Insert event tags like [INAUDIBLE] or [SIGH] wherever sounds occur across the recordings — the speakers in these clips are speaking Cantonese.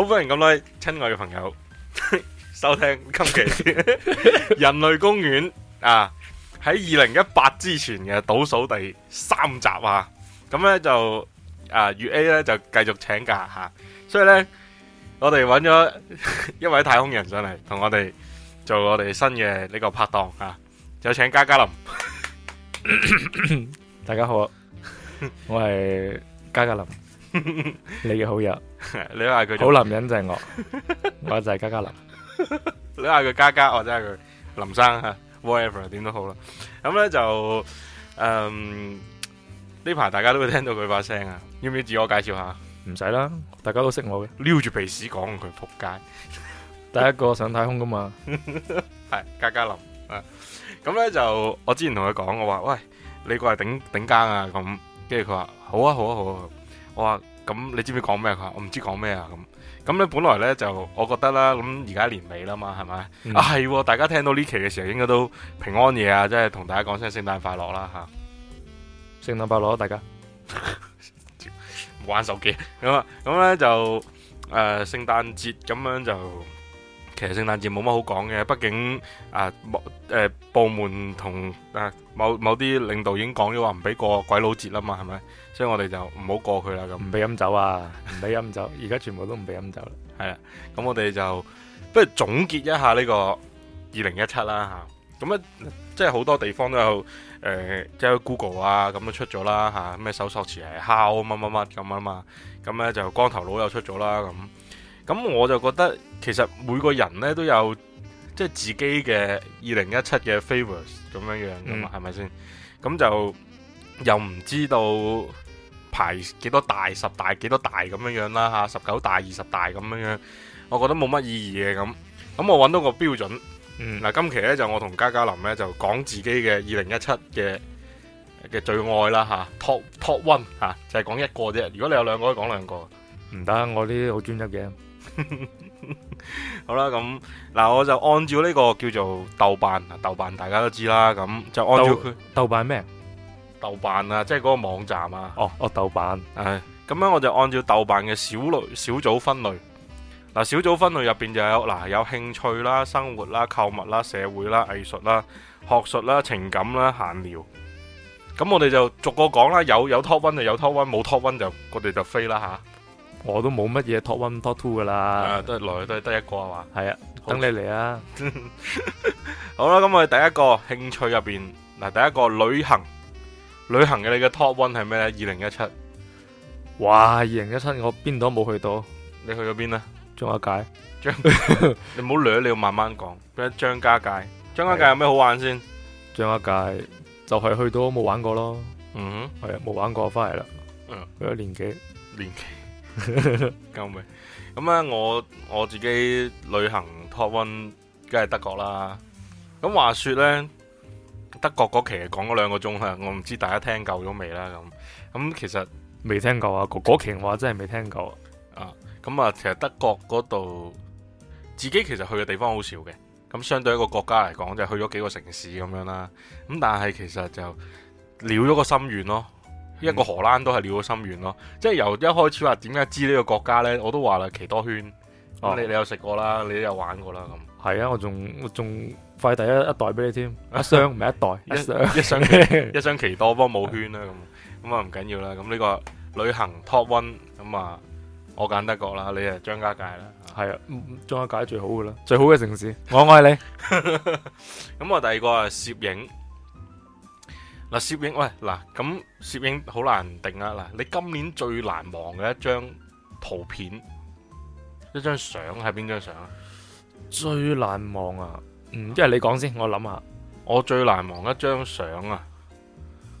好歡迎咁多，親愛嘅朋友，收聽今期《 [LAUGHS] 人類公園》啊！喺二零一八之前嘅倒數第三集啊！咁呢就啊，月 A 呢，就繼續請假吓、啊，所以呢，我哋揾咗一位太空人上嚟同我哋做我哋新嘅呢個拍檔啊！就請嘉嘉林，大家好，我係嘉嘉林。你嘅好友，你話佢好男人就係我，我就係嘉嘉林。你話佢嘉嘉，我真係佢林生吓，whatever 點都好啦。咁咧就誒，呢排大家都會聽到佢把聲啊，要唔要自我介紹下？唔使啦，大家都識我嘅，撩住鼻屎講佢仆街。第一個上太空噶嘛，係嘉嘉林啊。咁咧就我之前同佢講，我話喂，你過嚟頂頂尖啊，咁跟住佢話好啊，好啊，好啊。我話咁，你知唔知講咩？佢話我唔知講咩啊咁。咁咧本來呢，就，我覺得啦，咁而家年尾啦嘛，係咪、嗯、啊係？大家聽到呢期嘅時候，應該都平安夜啊，即係同大家講聲聖誕快樂啦吓。聖誕快樂大家！唔 [LAUGHS] 玩手機咁啊，咁咧就誒，聖誕節咁樣就，其實聖誕節冇乜好講嘅，畢竟啊，誒、呃呃呃、部門同啊、呃、某某啲領導已經講咗話唔俾過鬼佬節啦嘛，係咪？所以我哋就唔好過去啦，咁唔俾飲酒啊，唔俾飲酒，而家 [LAUGHS] 全部都唔俾飲酒啦，係啦。咁我哋就不如總結一下呢個二零一七啦吓，咁、啊、咧即係好多地方都有誒、呃，即係 Google 啊咁啊出咗啦吓，咩、啊、搜索詞係敲乜乜乜咁啊嘛。咁、啊、咧就光頭佬又出咗啦咁。咁我就覺得其實每個人咧都有即係自己嘅二零一七嘅 favourites 咁樣樣噶嘛，係咪先？咁就又唔知道。排幾多大十大幾多大咁樣樣啦吓，十九大二十大咁樣樣，我覺得冇乜意義嘅咁。咁我揾到個標準，嗯嗱、啊，今期呢，就我同嘉嘉林呢，就講自己嘅二零一七嘅嘅最愛啦吓，top top one 吓、啊，就係、是、講一個啫。如果你有兩個，可以講兩個，唔得，我呢啲好專一嘅。 [LAUGHS] 好啦，咁嗱，我就按照呢個叫做豆瓣，豆瓣大家都知啦，咁就按照佢豆，它豆瓣咩？豆瓣啊，即係嗰個網站啊。哦，哦，豆瓣。係咁樣，我就按照豆瓣嘅小類小組分類。嗱、啊，小組分類入邊就有嗱、啊，有興趣啦、生活啦、購物啦、社會啦、藝術啦、學術啦、情感啦、閒聊。咁我哋就逐個講啦。有有 top one 就有 top one，冇 top one 就我哋就飛啦吓。啊、我都冇乜嘢 top one top two 噶啦，啊、都係來都係得一個係嘛。係啊，好等你嚟啊。好啦，咁 [LAUGHS] 我哋第一個興趣入邊嗱，第一個旅行。旅行嘅你嘅 top one 係咩咧？二零一七，哇！二零一七我邊度都冇去到，你去咗邊咧？張家界，張張， [LAUGHS] 你唔好略，你要慢慢講。咩？張家界，張家界有咩好玩先？張家界就係去到冇玩過咯。嗯，係啊，冇玩過，翻嚟啦。嗯哼，佢年紀年紀紀 [LAUGHS] 救命！咁咧，我我自己旅行 top one 梗係德國啦。咁話說咧。德國嗰期講咗兩個鐘吓，我唔知大家聽夠咗未啦，咁。咁其實未聽夠啊，嗰期嘅話真係未聽夠啊。咁啊，其實德國嗰度自己其實去嘅地方很好少嘅。咁相對一個國家嚟講，就去咗幾個城市咁樣啦。咁但係其實就了咗個心願咯，一個荷蘭都係了咗心願咯。嗯、即係由一開始話點解知呢個國家呢，我都話啦，奇多圈。你、啊、你有食過啦，你有玩過啦咁。係啊，我仲我仲。快遞一一袋俾你添，一箱唔係一袋，一箱一箱一箱奇多幫冇圈啦咁，咁啊唔緊要啦。咁呢個旅行 top one，咁啊我揀德國啦，你啊，張家界啦，係啊，張家界最好噶啦，最好嘅城市，我愛你。咁我第二個係攝影，嗱攝影喂嗱，咁攝影好難定啊嗱，你今年最難忘嘅一張圖片，一張相係邊張相啊？最難忘啊！嗯，即係你講先，我諗下。我最難忘一張相啊，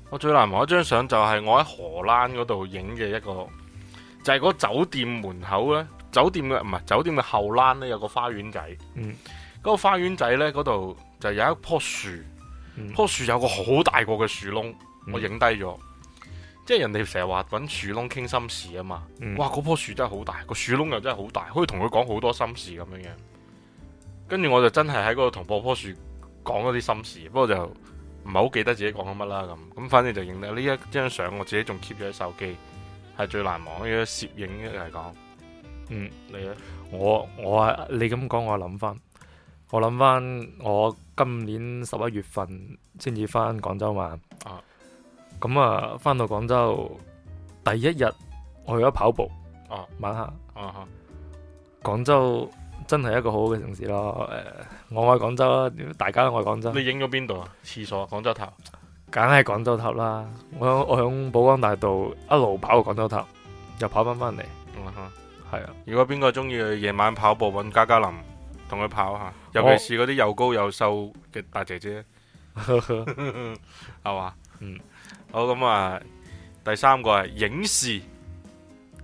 我最難忘一張相就係我喺荷蘭嗰度影嘅一個，就係、是、嗰酒店門口咧，酒店嘅唔係酒店嘅後欄咧有個花園仔。嗰、嗯、個花園仔呢，嗰度就有一棵樹，嗯、棵樹有個好大個嘅樹窿，嗯、我影低咗。嗯、即係人哋成日話揾樹窿傾心事啊嘛，嗯、哇！嗰棵樹真係好大，個樹窿又真係好大，可以同佢講好多心事咁樣嘅。跟住我就真係喺嗰度同棵棵樹講咗啲心事，不過就唔係好記得自己講緊乜啦咁。咁反正就認得呢一張相，我自己仲 keep 咗喺手機，係最難忘嘅攝影嚟講。嗯，你咧呢？我我啊，你咁講我諗翻，我諗翻我，我今年十一月份先至翻廣州嘛？啊，咁啊，翻到廣州第一日，我去咗跑步。啊，晚黑。啊哈、uh。Huh. 廣州。真係一個好好嘅城市咯，誒、呃，我愛廣州啦，大家都愛廣州。你影咗邊度啊？廁所，廣州，州塔，梗係廣州塔啦。我我響寶崗大道一路跑去廣州塔，又跑翻翻嚟。係、嗯、哼啊。如果邊個中意夜晚跑步搵加加林，同佢跑下，尤其是嗰啲又高又瘦嘅大姐姐，係嘛？嗯，好咁啊，第三個係影視。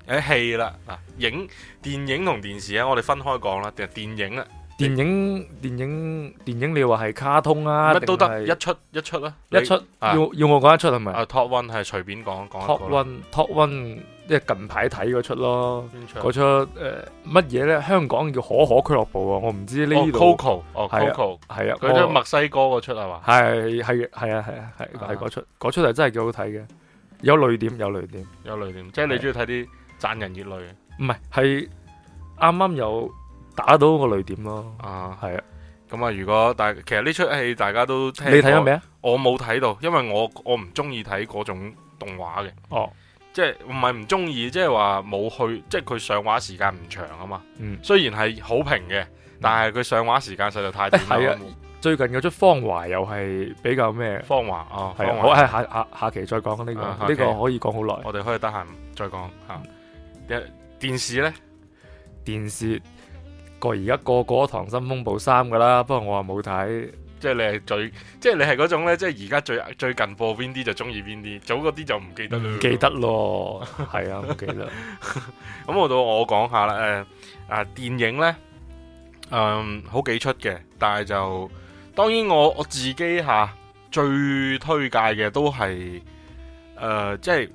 誒，戲啦，嗱，影電影同電視我哋分開講啦。定係電影啊，電影電影電影，你話係卡通啊，乜都得一出一出啦，一出要要我講一出係咪？啊，Top One 係隨便講講。Top One Top One，即係近排睇嗰出咯，嗰出誒乜嘢咧？香港叫可可俱樂部啊，我唔知呢度。Coco 哦 Coco 係啊，嗰出墨西哥嗰出係嘛？係係係啊係啊係，係嗰出嗰出係真係幾好睇嘅，有淚點有淚點有淚點，即係你中意睇啲。賺人熱淚，唔係係啱啱有打到個淚點咯。啊，係啊。咁啊，如果大家其實呢出戲大家都聽過，你睇過未啊？我冇睇到，因為我我唔中意睇嗰種動畫嘅。哦，即係唔係唔中意，即係話冇去，即係佢上畫時間唔長啊嘛。嗯，雖然係好評嘅，但係佢上畫時間實在太短。係啊，最近有出《芳華》又係比較咩？芳華啊，芳華，我係下下下期再講呢個，呢個可以講好耐。我哋可以得閒再講吓。電視呢？電視個而家個個《溏心風暴三》噶啦，不過我話冇睇，即係你係最，即係你係嗰種呢？即係而家最最近播邊啲就中意邊啲，早嗰啲就唔記得啦。記得咯，係 [LAUGHS] 啊，記得。咁我 [LAUGHS] 到我講下啦，誒、呃、啊、呃，電影呢？嗯，好幾出嘅，但係就當然我我自己吓、啊、最推介嘅都係誒，即、呃、係、就是、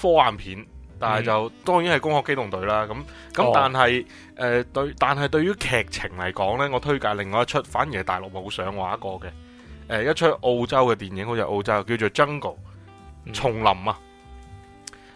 科幻片。但係就、嗯、當然係《攻殼機動隊》啦，咁咁但係誒、哦呃、對，但係對於劇情嚟講呢，我推介另外一出，反而係大陸冇上畫過嘅，誒、呃、一出澳洲嘅電影，好似澳洲叫做《Jungle》叢林啊，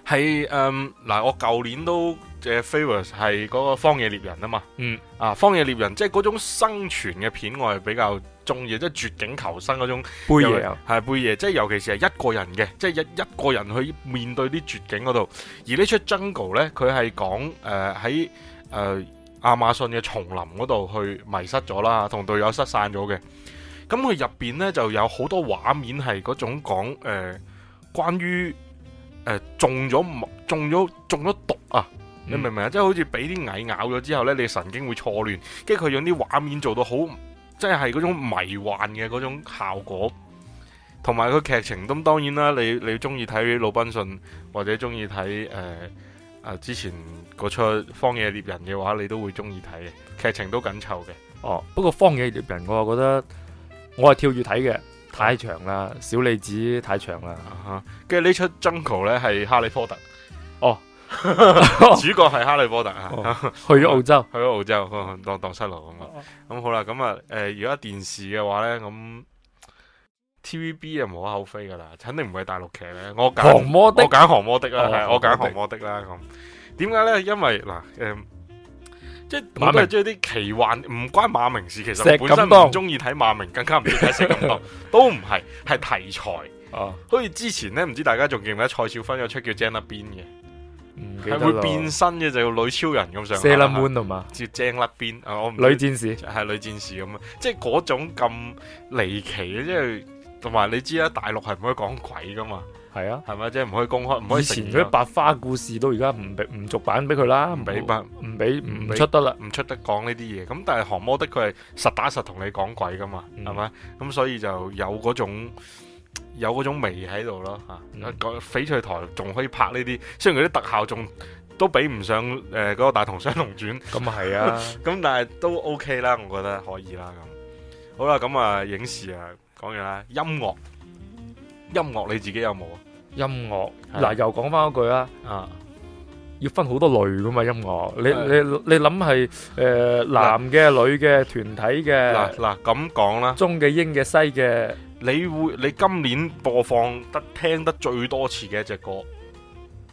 係誒嗱我舊年都。即係 favorites 係嗰個《荒野獵人》啊嘛，嗯啊，《荒野獵人》即係嗰種生存嘅片，我係比較中意，即係絕境求生嗰種。貝爺係貝爺，即係尤其是係一個人嘅，即係一一個人去面對啲絕境嗰度。而呢出《Jungle》咧、呃，佢係講誒喺誒亞馬遜嘅叢林嗰度去迷失咗啦，同隊友失散咗嘅。咁佢入邊咧就有好多畫面係嗰種講誒、呃、關於、呃、中咗中咗中咗毒啊。你明唔明啊？嗯、即係好似俾啲蟻咬咗之後呢，你神經會錯亂，跟住佢用啲畫面做到好，即係嗰種迷幻嘅嗰種效果，同埋佢劇情。咁當然啦，你你中意睇魯濱遜或者中意睇誒之前嗰出荒野獵人嘅話，你都會中意睇嘅，劇情都緊湊嘅。哦，不過荒野獵人我覺得我係跳住睇嘅，太長啦，小李子太長啦。跟住、啊、呢出 Jungle 咧係哈利波特。哦。主角係哈利波特啊，去咗澳洲，去咗澳洲當當失路咁啊。咁好啦，咁啊，誒，如果電視嘅話咧，咁 T V B 啊，冇可厚非噶啦，肯定唔會係大陸劇咧。我揀降魔的，我揀降魔的啦，我揀降魔的啦。咁點解咧？因為嗱，誒，即係我都係中意啲奇幻，唔關馬明事。其實本身唔中意睇馬明，更加唔中意睇石錦鬥，都唔係係題材。好似之前咧，唔知大家仲記唔記得蔡少芬有出叫《Jane Bin》嘅。係會變身嘅就要女超人咁上下，射冷門係嘛，似精甩邊啊！女戰士係女戰士咁啊，即係嗰種咁離奇嘅，即係同埋你知啦，大陸係唔可以講鬼噶嘛，係啊，係咪即係唔可以公開，唔可以。以前嗰啲白花故事都而家唔俾唔續版俾佢啦，唔俾版，唔俾唔出得啦，唔出得講呢啲嘢。咁但係韓魔的佢係實打實同你講鬼噶嘛，係咪？咁、嗯、所以就有嗰種。有嗰種味喺度咯吓，講翡、嗯、翠台，仲可以拍呢啲，雖然佢啲特效仲都比唔上誒嗰、呃嗰個大唐雙龍傳《大唐雙龍傳》，咁係啊，咁 [LAUGHS] 但係都 OK 啦，我覺得可以啦咁。好啦，咁啊影視啊講完啦，音樂，音樂你自己有冇啊？音樂嗱又講翻一句啦，啊，要分好多類噶嘛音樂是，你你你諗係誒男嘅、女嘅、團體嘅，嗱嗱咁講啦，中嘅、英嘅、西嘅。你會你今年播放得聽得最多次嘅一隻歌，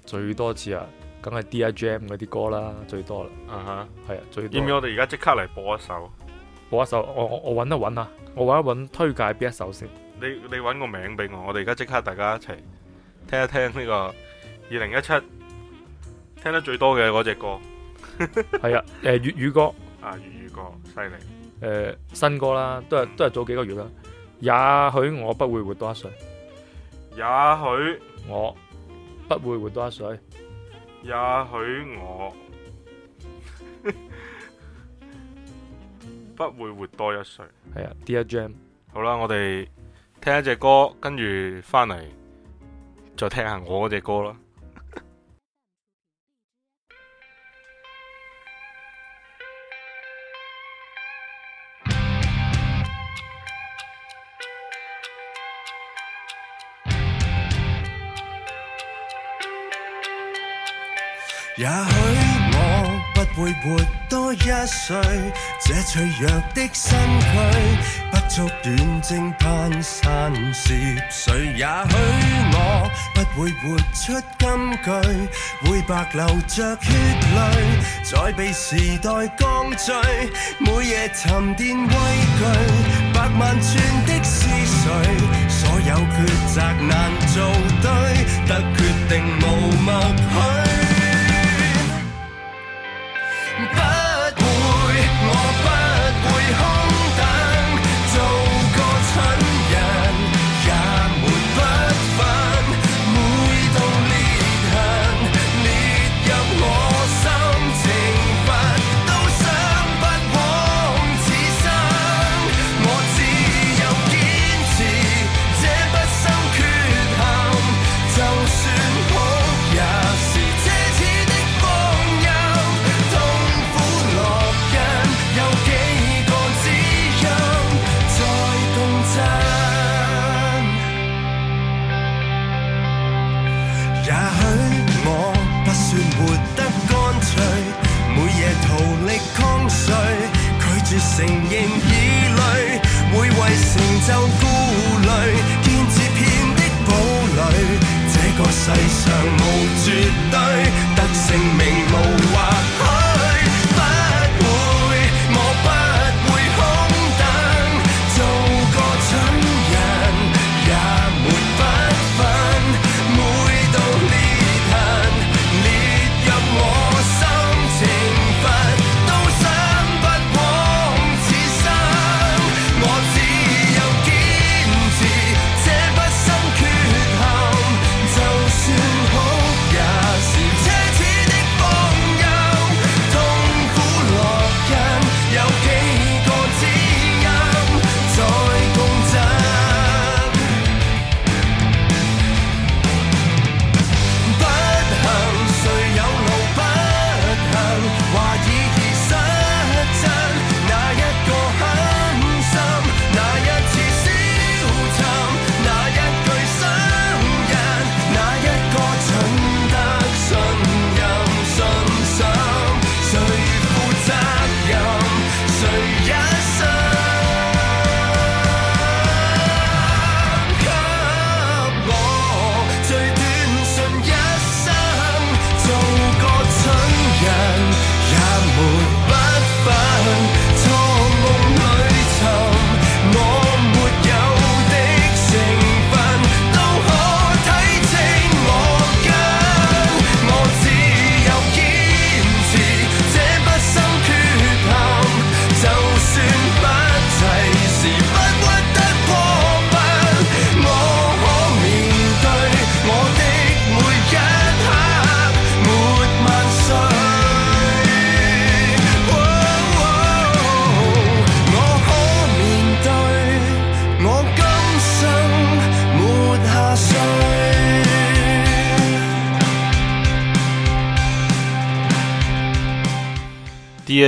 最多次啊，梗係 DJM i 嗰啲歌啦，最多啦，啊哈、uh，係、huh. 啊，最多。要唔要我哋而家即刻嚟播一首？播一首，我我我揾一揾啊，我揾一揾推介邊一首先？你你揾個名俾我，我哋而家即刻大家一齊聽一聽呢、這個二零一七聽得最多嘅嗰隻歌。係 [LAUGHS] 啊，誒粵語歌，啊粵語歌，犀利，誒、呃、新歌啦，都係都係早幾個月啦。也許我不會活多一歲，也許我不會活多一歲，也許我不會活多一歲。係啊，Dear Jane，好啦，我哋聽一隻歌，跟住翻嚟再聽下我嗰隻歌啦。也許我不會活多一歲，這脆弱的身軀，不足夠撐攀山涉水。也許我不會活出金句，會白流着血淚，再被時代降罪。每夜沉澱畏懼，百萬轉的思緒，所有抉擇難做對，得決定無默許。承認易累，會為成就。 [NOISE]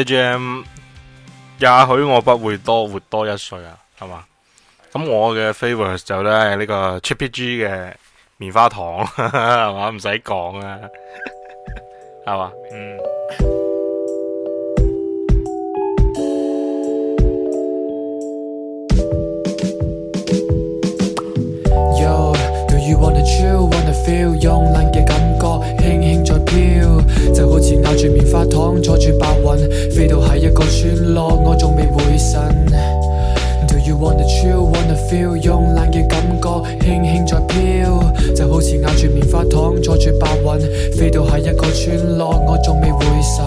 J M，也許我不會多活多一歲啊，係嘛？咁我嘅 favourite 就咧呢個 Chippy G 嘅棉花糖，係嘛？唔使講啊，係嘛？嗯、mm。 [MUSIC] 就好似咬住棉花糖，坐住白雲，飛到喺一個村落，我仲未回神。Do you wanna chill wanna feel，慵懶嘅感覺輕輕在飄。就好似咬住棉花糖，坐住白雲，飛到喺一個村落，我仲未回神。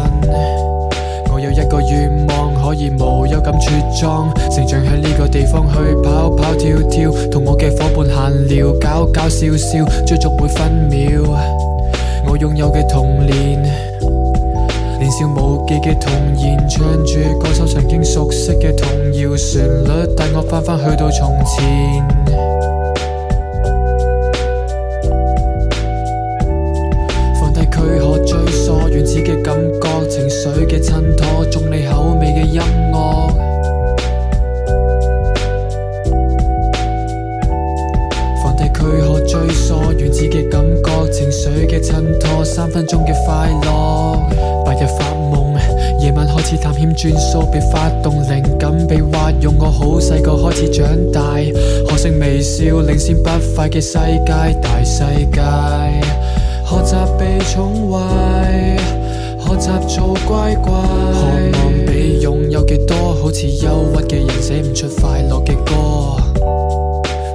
我有一個願望，可以無憂咁茁壯，成長喺呢個地方去跑跑跳跳，同我嘅伙伴閒聊搞搞笑笑，追逐每分秒。我擁有嘅童年，年少無忌嘅童言，唱着歌手曾經熟悉嘅童謠旋律，帶我返返去到從前。好細個開始長大，學識微笑，領先不快嘅世界，大世界。學習被寵壞，學習做乖乖。渴望被擁有幾多，好似憂鬱嘅人寫唔出快樂嘅歌。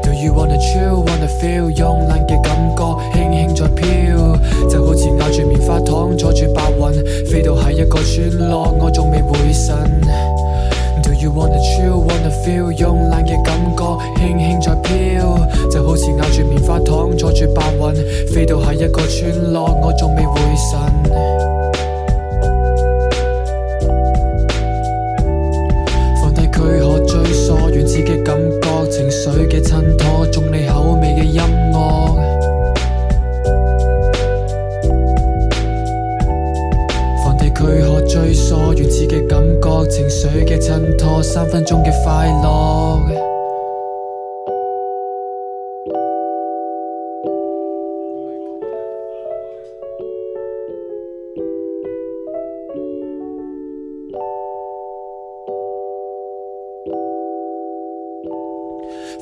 Do you wanna chill wanna feel 慵懶嘅感覺輕輕在飄，就好似咬住棉花糖，坐住白雲，飛到下一個村落，我仲未回神。You wanna chill, wanna feel，慵懶嘅感覺輕輕在飄，就好似咬住棉花糖，坐住白雲，飛到下一個村落，我仲未回神。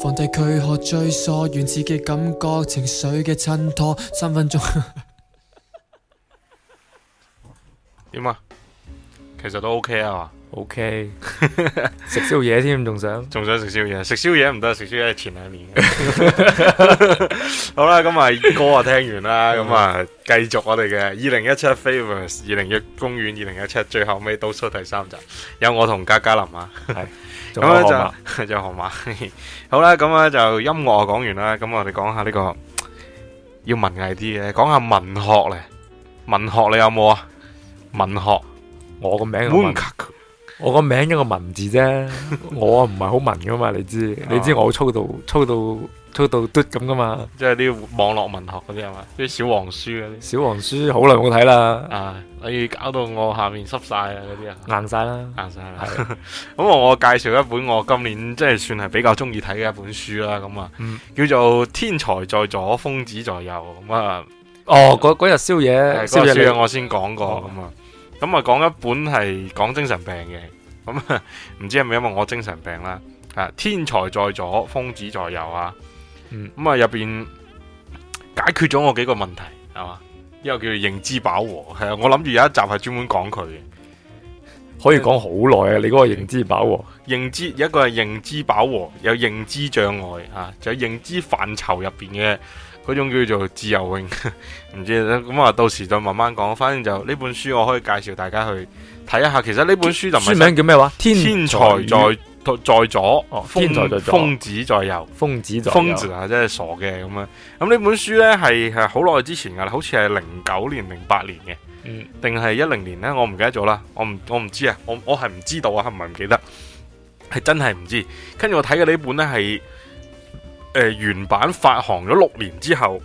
放低軀殼追索，原始嘅感覺情緒嘅襯托，三分鐘。點啊？其實都 OK 啊嘛。OK，食宵夜添，仲 Okay, [LAUGHS] 想仲想食宵夜？食宵夜唔得，食宵夜前兩年。 [LAUGHS] [LAUGHS] 好啦，咁啊歌啊聽完啦，咁啊繼續我哋嘅二零一七 Favorites，二零一公園，二零一七最後尾都出第三集，有我同嘉嘉林嘛、啊？係咁咧就就河馬， [LAUGHS] 好啦，咁咧就音樂啊講完啦，咁我哋講下呢、這個要文藝啲嘅，講下文學咧，文學你有冇啊？文學，我個名。我個名一個文字啫， [LAUGHS] 我唔係好文噶嘛，你知？啊、你知我好粗到粗到粗到嘟咁噶嘛？即係啲網絡文學嗰啲係嘛？啲小黃書啊，小黃書好耐冇睇啦，啊！你搞到我下面濕晒啊，嗰啲硬晒啦，硬晒啦。咁我介紹一本我今年即係算係比較中意睇嘅一本書啦，咁啊，叫做《天才在左，瘋子在右》咁啊。那哦，嗰日宵夜，宵夜，宵夜我先講過咁啊。哦嗯咁啊，講一本係講精神病嘅，咁啊，唔知係咪因為我精神病啦啊，天才在左，瘋子在右啊！咁啊、嗯，入邊解決咗我幾個問題係嘛，之後、這個、叫做認知飽和，係啊，我諗住有一集係專門講佢，嘅，可以講好耐啊！你嗰個認知飽和，認知一個係認知飽和，有認知障礙啊，仲有、就是、認知範疇入邊嘅。嗰種叫做自由泳，唔知咁啊，到時再慢慢講。反正就呢本書，我可以介紹大家去睇一下。其實呢本書就唔係書名叫咩話？天，天才、哦、天在在左，天才在左，瘋子在右，瘋子在右。瘋子啊，真係、就係、傻嘅咁啊！咁呢本書呢，係好耐之前噶啦，好似係零九年、零八年嘅，定係一零年呢？我唔記得咗啦，我唔我唔知啊，我我我係唔知道啊，唔係唔記得，係真係唔知道。跟住我睇嘅呢本呢，係。誒、呃，原版發行咗六年之後，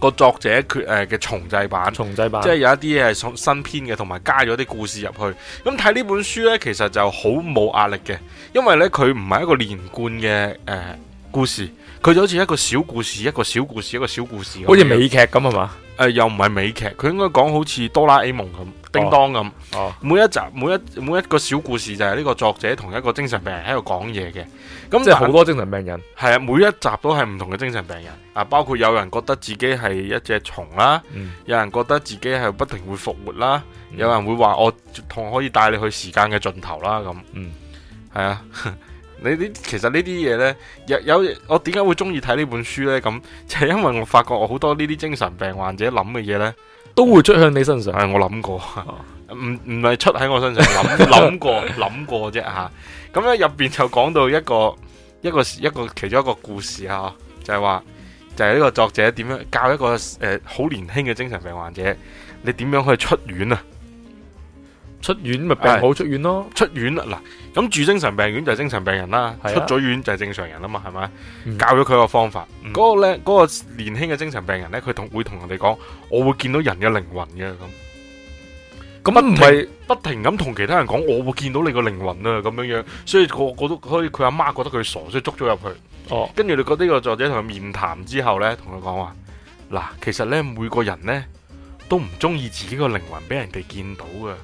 個作者佢誒嘅重製版，重製版即係有一啲係新編嘅，同埋加咗啲故事入去。咁睇呢本書呢，其實就好冇壓力嘅，因為呢，佢唔係一個連貫嘅誒故事，佢就好似一個小故事，一個小故事，一個小故事，好似美劇咁係嘛？誒、呃，又唔係美劇，佢應該講好似哆啦 A 夢咁。叮噹咁，每一集每一每一個小故事就係呢個作者同一個精神病人喺度講嘢嘅，咁就好多精神病人，係啊，每一集都係唔同嘅精神病人啊，包括有人覺得自己係一隻蟲啦，嗯、有人覺得自己係不停會復活啦，嗯、有人會話我同可以帶你去時間嘅盡頭啦，咁，嗯，係啊，你呢其實呢啲嘢呢，有有我點解會中意睇呢本書呢？咁就係因為我發覺我好多呢啲精神病患者諗嘅嘢呢。都會出向你身上，係我諗過，唔唔係出喺我身上諗諗過諗 [LAUGHS] 過啫吓。咁咧入邊就講到一個一個一個其中一個故事啊，就係、是、話就係、是、呢個作者點樣教一個誒好、呃、年輕嘅精神病患者，你點樣去出院啊？出院咪病好是出院咯，出院啦嗱。咁住精神病院就係精神病人啦，是啊、出咗院就係正常人啦嘛，係咪？嗯、教咗佢個方法，嗰、嗯、個咧，嗰個年輕嘅精神病人咧，佢同會同人哋講，我會見到人嘅靈魂嘅咁。咁啊唔係不停咁同、嗯、其他人講，我會見到你個靈魂啊咁樣樣，所以個個都好似佢阿媽覺得佢傻，所以捉咗入去。哦，跟住你覺得呢個作者同佢面談之後咧，同佢講話嗱，其實咧每個人咧都唔中意自己個靈魂俾人哋見到噶，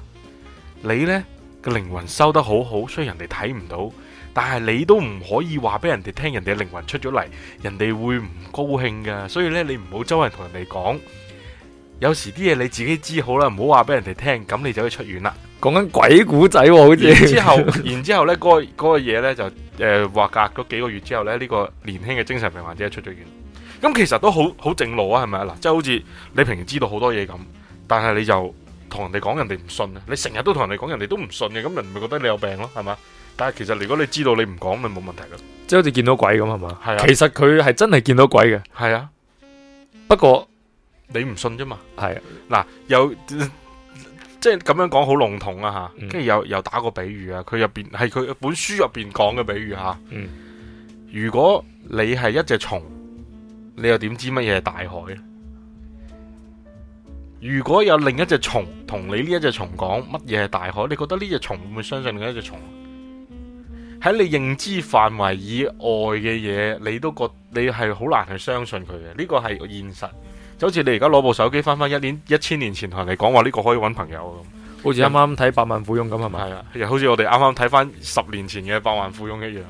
你咧。個靈魂收得好好，雖然人哋睇唔到。但係你都唔可以話俾人哋聽，人哋嘅靈魂出咗嚟，人哋會唔高興噶。所以咧，你唔好周圍同人哋講。有時啲嘢你自己知好啦，唔好話俾人哋聽。咁你就可以出院啦。講緊鬼故仔好似之後， [LAUGHS] 後，然之後咧嗰、那個嗰、那個嘢呢就誒，話隔咗幾個月之後呢，呢、這個年輕嘅精神病患者出咗院。咁、嗯、其實都好好正路啊，係咪？嗱，即係好似你平時知道好多嘢咁，但係你就。同人哋講人哋唔信啊！你成日都同人哋講，人哋都唔信嘅，咁人咪覺得你有病咯，係嘛？但係其實如果你知道你唔講咪冇問題咯，即係好似見到鬼咁，係嘛？係啊、其實佢係真係見到鬼嘅，係啊。不過你唔信啫嘛，係啊。嗱，又，呃、即係咁樣講好籠統啊吓，跟住、嗯、又又打個比喻啊，佢入邊係佢本書入邊講嘅比喻吓、啊。嗯、如果你係一隻蟲，你又點知乜嘢係大海？如果有另一隻蟲同你呢一隻蟲講乜嘢係大海，你覺得呢隻蟲會唔會相信另一隻蟲？喺你認知範圍以外嘅嘢，你都覺你係好難去相信佢嘅。呢個係現實，就好似你而家攞部手機翻翻一年一千年前同人哋講話呢個可以搵朋友咁，好似啱啱睇百萬富翁咁係咪？係啊，又好似我哋啱啱睇翻十年前嘅百萬富翁一樣，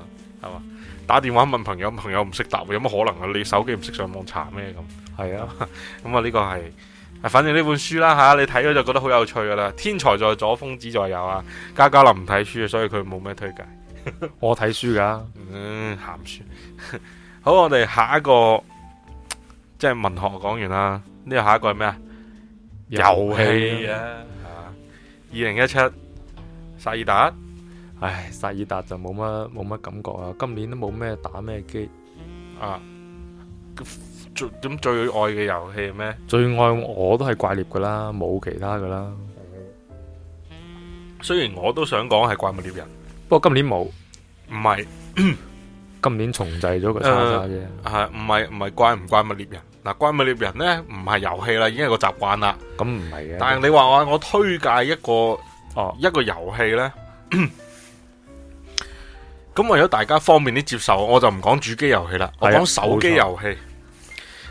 係嘛？打電話問朋友，朋友唔識答，有乜可能啊？你手機唔識上網查咩咁？係啊，咁啊呢個係。反正呢本書啦吓，你睇咗就覺得好有趣噶啦。天才在左，瘋子在右啊。嘉嘉林唔睇書，所以佢冇咩推介。 [LAUGHS] 我睇書噶、啊，嗯，鹹書。 [LAUGHS] 好，我哋下一個即係、就是、文學講完啦。呢個下一個係咩啊？遊戲啊，二零一七，薩爾達。唉、哎，薩爾達就冇乜冇乜感覺啊。今年都冇咩打咩機啊。最咁最愛嘅遊戲係咩？最愛我都係怪獵噶啦，冇其他噶啦。雖然我都想講係怪物獵人，不過今年冇，唔係今年重製咗個叉叉啫。係唔係唔係怪唔怪物獵人？嗱，怪物獵人呢唔係遊戲啦，已經係個習慣啦。咁唔係嘅。但係你話我，我推介一個哦一個遊戲呢。咁為咗大家方便啲接受，我就唔講主機遊戲啦，我講手機遊戲。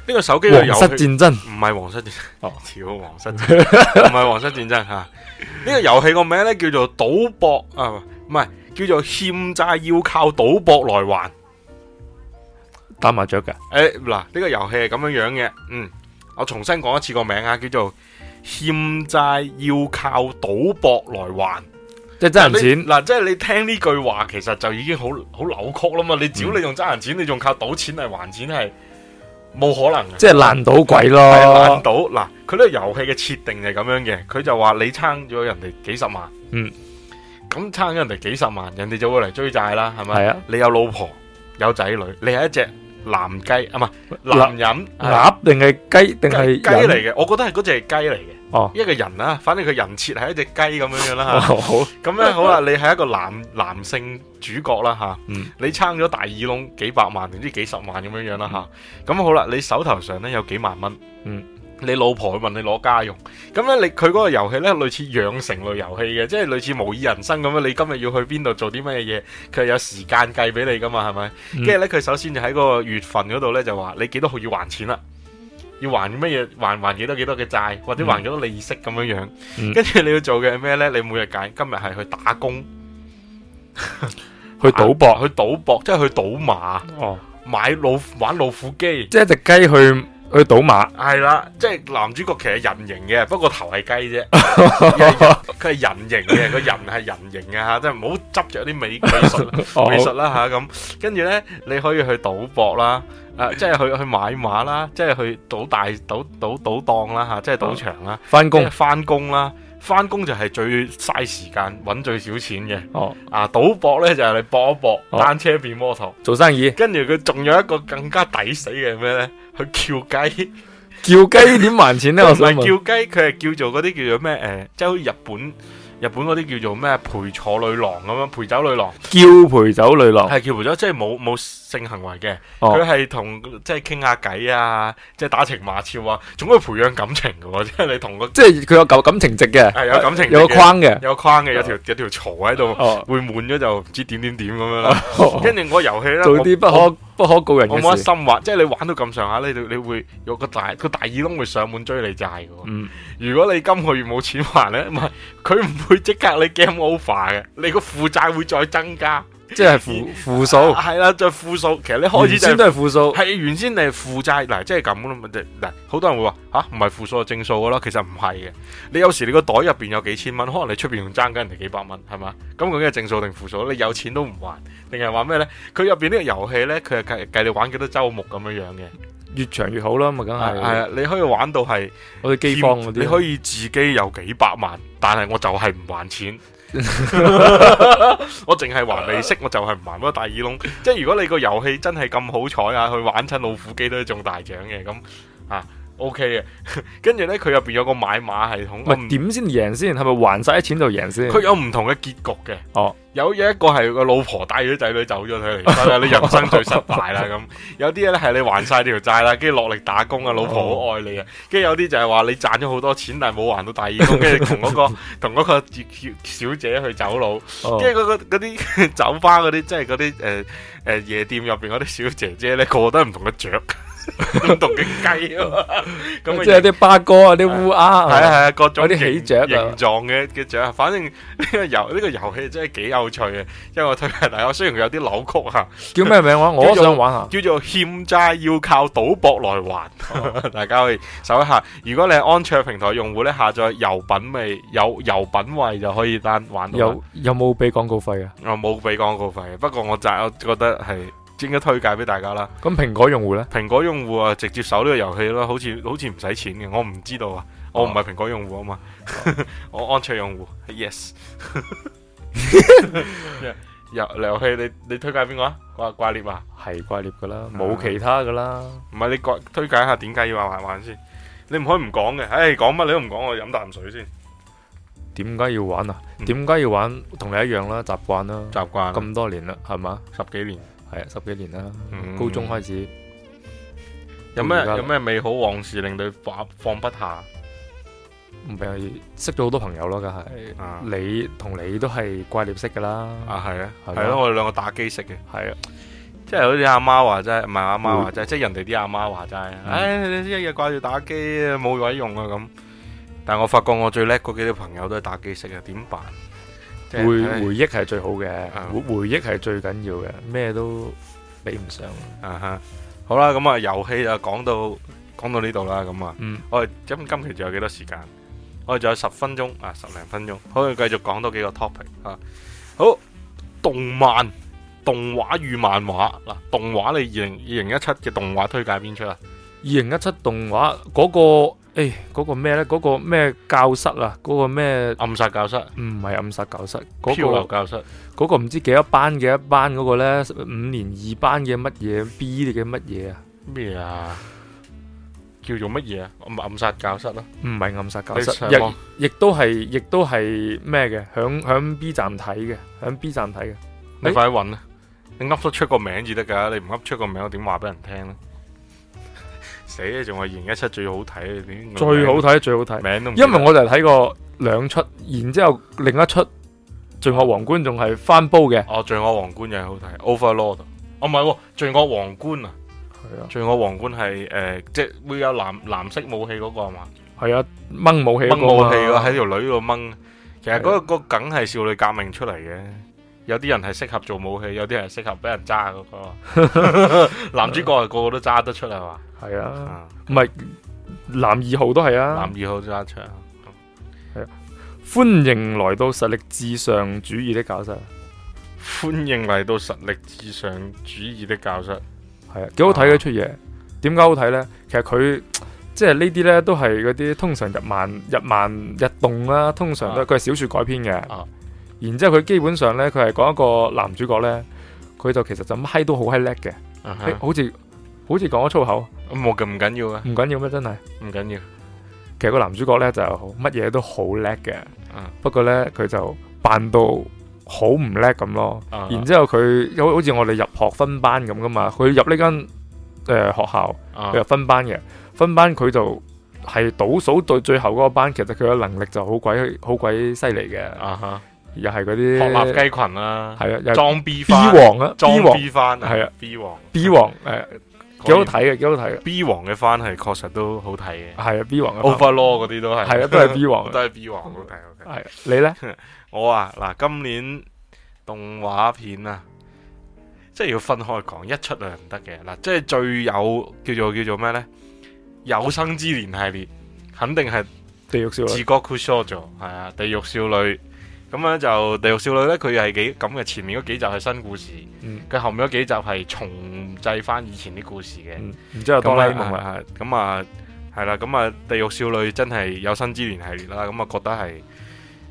呢個手機嘅遊戲唔係皇室戰爭哦，皇室戰爭唔係皇室戰爭吓，呢個遊戲個名咧叫做賭博啊，唔係叫做欠債要靠賭博來還，打麻雀噶？誒、欸，嗱、啊，呢、這個遊戲係咁樣樣嘅，嗯，我重新講一次個名啊，叫做欠債要靠賭博來還，即係爭人錢，嗱、啊，即係你聽呢句話，其實就已經好好扭曲啦嘛，你、嗯、只要你仲爭人錢，你仲靠賭錢嚟還錢係。冇可能，即係爛到鬼咯！係啊，爛到嗱，佢呢個遊戲嘅設定係咁樣嘅，佢就話你撐咗人哋幾十萬，嗯，咁撐咗人哋幾十萬，人哋就會嚟追債啦，係咪係啊？你有老婆，有仔女，你係一隻男雞啊？唔係男人，鴨定係雞定係雞嚟嘅？我覺得係只係雞嚟嘅。一個人反正佢人設係一隻雞咁樣樣啦、 [LAUGHS] 哦、好，咁咧好啦， [LAUGHS] 你係一個男男性主角啦吓，嗯、你撐咗大耳窿幾百萬，唔知幾十萬咁樣樣啦吓。咁、嗯、好啦，你手頭上咧有幾萬蚊，嗯、你老婆去問你攞家用，咁咧你佢嗰個遊戲咧類似養成類遊戲嘅，嗯、即係類似模擬人生咁樣，你今日要去邊度做啲咩嘢，佢係有時間計俾你噶嘛，係咪？跟住咧佢首先就喺個月份嗰度咧就話你幾多號要還錢啦、啊。要還乜嘢？還還幾多幾多嘅債，或者還幾多利息咁樣樣。跟住你要做嘅係咩呢？你每日揀今日係去打工，去賭博，去賭博，即係去賭馬哦，買老虎玩老虎機，即係一隻雞去去賭馬。係啦，即係男主角其實人形嘅，不過頭係雞啫。佢係人形嘅，個人係人形啊！吓，即係唔好執着啲美術美術啦吓。咁跟住呢，你可以去賭博啦。誒、啊，即係去去買馬啦，即係去賭大賭賭賭檔啦吓，即係賭場啦，翻工翻工啦，翻工就係最嘥時間，搵最少錢嘅。哦，啊，賭、啊、博咧就係你搏一搏，啊、單車變摩托，啊、做生意。跟住佢仲有一個更加抵死嘅咩咧？去叫雞，叫雞點還錢咧？我唔係叫雞，佢係 [LAUGHS] 叫做嗰啲叫做咩？誒、呃，即係好似日本日本嗰啲叫做咩陪坐女郎咁樣，陪酒女郎，叫陪酒女郎，係叫陪酒，即係冇冇。性行為嘅，佢係同即係傾下偈啊，即係打情罵俏啊，可以培養感情嘅，即係你同個即係佢有舊感情值嘅，係有感情，有個框嘅，有個框嘅，有條有條槽喺度，會滿咗就唔知點點點咁樣啦。跟住個遊戲咧，做啲不可不可告人冇得心話，即係你玩到咁上下，你你會有個大個大耳窿會上門追你債嘅。如果你今個月冇錢還咧，唔係，佢唔會即刻你 game over 嘅，你個負債會再增加。即係負負數，係啦、啊啊，就負、係、數。其實你開始就都係負數，係原先你係負債。嗱，即係咁啦。嗱，好、就是、多人會話吓，唔係負數就正數噶咯。其實唔係嘅。你有時你個袋入邊有幾千蚊，可能你出邊仲爭緊人哋幾百蚊，係嘛？咁究竟係正數定負數？你有錢都唔還，定係話咩咧？佢入邊呢個遊戲咧，佢係計計你玩幾多周目咁樣樣嘅，越長越好啦。咪梗係係啊！你可以玩到係我哋機房嗰啲，你可以自己有幾百萬，但係我就係唔還錢。 [LAUGHS] [LAUGHS] 我淨係還利息，我就係唔還嗰大耳窿。即係如果你個遊戲真係咁好彩啊，去玩親老虎機都中大獎嘅咁啊！O K 嘅，跟住、okay、呢，佢入邊有個買馬系統，唔係點先贏先？係咪還晒啲錢就贏先？佢有唔同嘅結局嘅，哦，有有一個係個老婆帶住啲仔女走咗佢嚟， [LAUGHS] 所以你人生最失敗啦咁。 [LAUGHS] 有啲嘢係你還晒條債啦，跟住落力打工啊，老婆好愛你啊，跟住、哦、有啲就係話你賺咗好多錢，但係冇還到第二個，跟住同嗰個同個小姐去走佬，跟住嗰個啲酒吧嗰啲，即係嗰啲誒誒夜店入邊嗰啲小姐姐咧，個個都係唔同嘅雀。咁獨嘅雞，咁即係啲八哥啊，啲烏鴉，係啊係啊，各種啲喜雀形狀嘅嘅雀，反正呢個遊呢個遊戲真係幾有趣嘅，因為我推介大家，雖然佢有啲扭曲啊，叫咩名話，我都想玩下，叫做欠債要靠賭博來還，大家可以搜一下。如果你係安卓平台用戶咧，下載遊品味有遊品味就可以單玩。有有冇俾廣告費啊？我冇俾廣告費，不過我就我覺得係。應該推介俾大家啦？咁蘋果用戶呢？蘋果用戶啊，直接搜呢個遊戲咯，好似好似唔使錢嘅。我唔知道啊，我唔係蘋果用戶啊嘛，我安卓用戶。Yes，遊嚟遊戲，你你推介邊個啊？怪怪獵啊？係怪獵噶啦，冇其他噶啦。唔係你講推介下點解要玩玩玩先？你唔可以唔講嘅。唉，講乜你都唔講，我飲啖水先。點解要玩啊？點解要玩？同你一樣啦，習慣啦，習慣咁多年啦，係嘛？十幾年。係十幾年啦，嗯、高中開始有咩有咩美好往事令你放放不下？唔俾識咗好多朋友咯，梗係、啊、你同你都係掛碟識噶啦。啊，係啊，係咯、啊啊啊，我哋兩個打機識嘅，係啊，啊即係好似阿媽話齋，唔係阿媽話齋，即係會人哋啲阿媽話齋，唉、嗯哎，你一日掛住打機冇鬼用啊咁。但係我發覺我最叻嗰幾啲朋友都係打機識嘅，點辦？回回憶係最好嘅，回、啊、回憶係最緊要嘅，咩都比唔上。啊哈，好啦，咁啊遊戲就講到講到呢度啦，咁啊，我哋今今期仲有幾多時間？我哋仲有十分鐘啊，十零分鐘可以繼續講多幾個 topic 啊。好，動漫、動畫與漫畫嗱，動畫你二零二零一七嘅動畫推介邊出啊？二零一七動畫嗰、嗰個。誒，嗰個咩咧？嗰個咩教室啊？嗰個咩暗殺教室？唔係暗殺教室，跳樓教室，嗰個唔知幾多班幾多班嗰個咧，五年二班嘅乜嘢 B 你嘅乜嘢啊？咩啊？叫做乜嘢啊？暗暗殺教室咯？唔係暗殺教室，亦亦都係，亦都係咩嘅？響響 B 站睇嘅，響 B 站睇嘅。你快啲搵啦！你噏得出個名至得噶，你唔噏出個名，我點話俾人聽咧？死仲係二零一七最好睇，那個，最好睇最好睇，名都唔記得，因為我就睇過兩出，然之後另一出《罪惡皇冠還是》仲係翻煲嘅。哦，哦《罪惡皇冠》又好睇，《Overlord》。哦，唔係《罪惡皇冠》啊，係啊，《罪惡皇冠》係誒，即係會有藍藍色武器嗰，那個係嘛？係啊，掹武器，啊，掹武器喎，啊，喺條女度掹。其實嗰，那個，啊那個那個梗係少女革命出嚟嘅。有啲人係適合做武器，有啲人適合俾人揸嗰個男主角係是的 個個都揸得出係嘛？係啊，唔係、嗯、男二號都係啊，男二號都揸長係啊。歡迎來到實力至上主義的教室。歡迎嚟到實力至上主義的教室。係啊，幾好睇嘅出嘢。點解、啊、好睇呢？其實佢即係呢啲呢，就是、都係嗰啲通常日漫、日漫、日動啦、啊。通常都佢係、啊、小說改編嘅。啊然之後佢基本上呢，佢係講一個男主角呢。佢就其實就乜閪都好閪叻嘅，好似好似講粗口，冇咁緊要啊，唔緊要咩？真係唔緊要。其實個男主角呢，就乜嘢都好叻嘅，uh huh. 不過呢，佢就扮到好、uh huh. 好唔叻咁咯。然之後佢好似我哋入學分班咁噶嘛，佢入呢間誒、呃、學校佢入分班嘅，uh huh. 分班佢就係倒數到最後嗰個班，其實佢嘅能力就好鬼好鬼犀利嘅。又係嗰啲鶴立雞群啦，係啊，裝 B 翻 B 王啊，裝 B 翻係啊，B 王 B 王係幾好睇嘅，幾好睇嘅 B 王嘅翻係確實都好睇嘅，係啊，B 王 Overlord 嗰啲都係，係啊，都係 B 王，都係 B 王，好睇好睇。係你咧？我啊嗱，今年動畫片啊，即係要分開講，一出嚟唔得嘅嗱，即係最有叫做叫做咩咧？有生之年系列肯定係《地獄少女》自國 Q s h o 咗係啊，《地獄少女》。咁樣就《地獄少女》呢，佢係幾咁嘅？前面嗰幾集係新故事，佢、嗯、後面嗰幾集係重製翻以前啲故事嘅。然之後多呢希望啦，咁啊係啦，咁啊《啊啊地獄少女》真係有生之年系列啦。咁、嗯、啊覺得係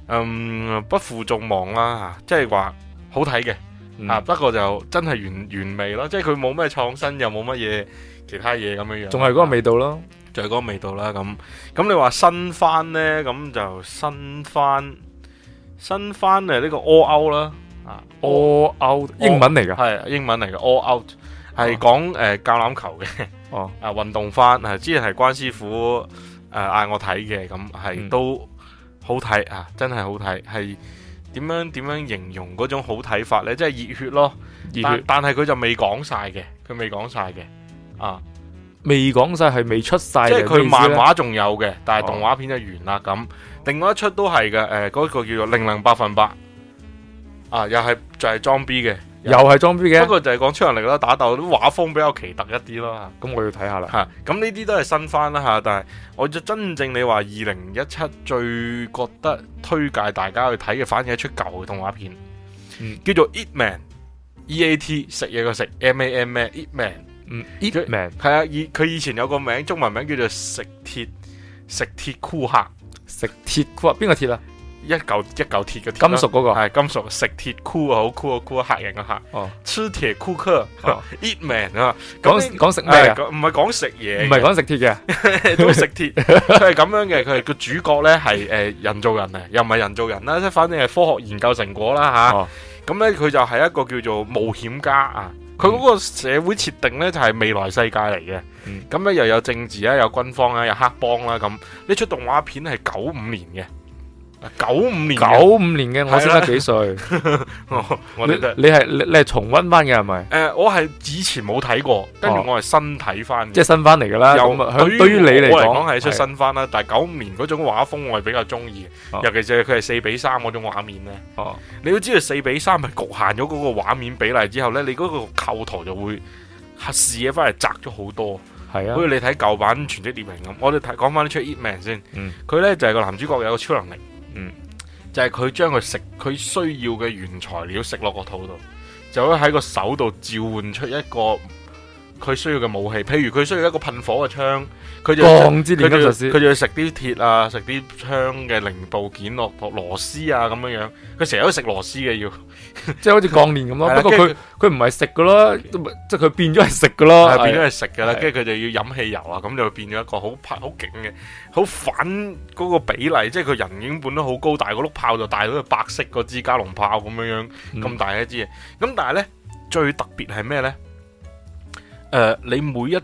嗯不負眾望啦，吓即係話好睇嘅、嗯啊、不過就真係原原味咯，即係佢冇咩創新，又冇乜嘢其他嘢咁樣樣，仲係嗰個味道咯，就係嗰個味道啦。咁咁你話新番呢？咁就新番。新翻嚟呢個 all out 啦，啊 all out all, 英文嚟嘅係英文嚟嘅 all out 係講誒橄欖球嘅哦啊運、啊、動翻啊之前係關師傅誒嗌、呃、我睇嘅咁係都好睇啊真係好睇係點樣點樣形容嗰種好睇法咧？即係熱血咯，熱血，但係佢就未講晒嘅，佢未講晒嘅，啊未講晒係未出晒，即係佢漫畫仲有嘅，但係、啊、動畫片就完啦咁。啊另外一出都係嘅，誒，嗰個叫做《零零百分百》，啊，又係就係裝逼嘅，又係裝逼嘅，的不過就係講超能力咯，打鬥啲畫風比較奇特一啲咯。咁我要睇下啦。吓，咁呢啲都係新翻啦吓，但係我真正你話二零一七最覺得推介大家去睇嘅，反而係一出舊嘅動畫片，嗯、叫做 Eat Man E A T 食嘢個食 M A N Man Eat Man，e a t Man 係啊，以佢以前有個名，中文名叫做食鐵食鐵酷客。食鐵酷邊個鐵啦、啊？一嚿一嚿鐵嘅鐵金屬嗰個係金屬，食鐵酷啊，好酷啊酷啊吓人啊吓哦！吃鐵酷客，Eat Man 啊，講講說你食唔係唔係講食嘢，唔係講食鐵嘅、啊， [LAUGHS] 都食鐵，佢係咁樣嘅，佢係個主角咧係誒人造人啊，又唔係人造人啦，即係反正係科學研究成果啦吓。咁咧佢就係一個叫做冒險家啊。佢嗰個社會設定呢，就係未來世界嚟嘅，咁呢，又有政治啦，有軍方啦，有黑幫啦，咁呢出動畫片係九五年嘅。九五年，九五年嘅，我先得幾歲。你你係你係重溫翻嘅係咪？誒，我係以前冇睇過，跟住我係新睇翻，即係新翻嚟噶啦。對於你嚟講係一出新翻啦，但係九五年嗰種畫風我係比較中意，尤其是佢係四比三嗰種畫面咧。哦，你都知道四比三係局限咗嗰個畫面比例之後咧，你嗰個構圖就會合適嘅翻嚟窄咗好多。係啊，好似你睇舊版《全職獵人》咁，我哋講翻呢出《Eman》先。佢咧就係個男主角有個超能力。嗯，就係佢將佢食佢需要嘅原材料食落個肚度，就可以喺個手度召喚出一個。佢需要嘅武器，譬如佢需要一個噴火嘅槍，佢就佢就佢就要食啲鐵啊，食啲槍嘅零部件落、啊，螺螺絲啊咁樣樣。佢成日都食螺絲嘅要即，即係好似鋼煉咁咯。不過佢佢唔係食嘅咯，即係佢變咗係食嘅咯，變咗係食嘅啦。跟住佢就要飲汽油啊，咁的就，就變咗一個好拍好勁嘅，好反嗰個比例，即係佢人已經變得好高，大。個碌炮就大到個白色嗰支加農炮咁樣樣，咁、嗯、大一支嘢。咁但係咧最特別係咩咧？誒、呃，你每一集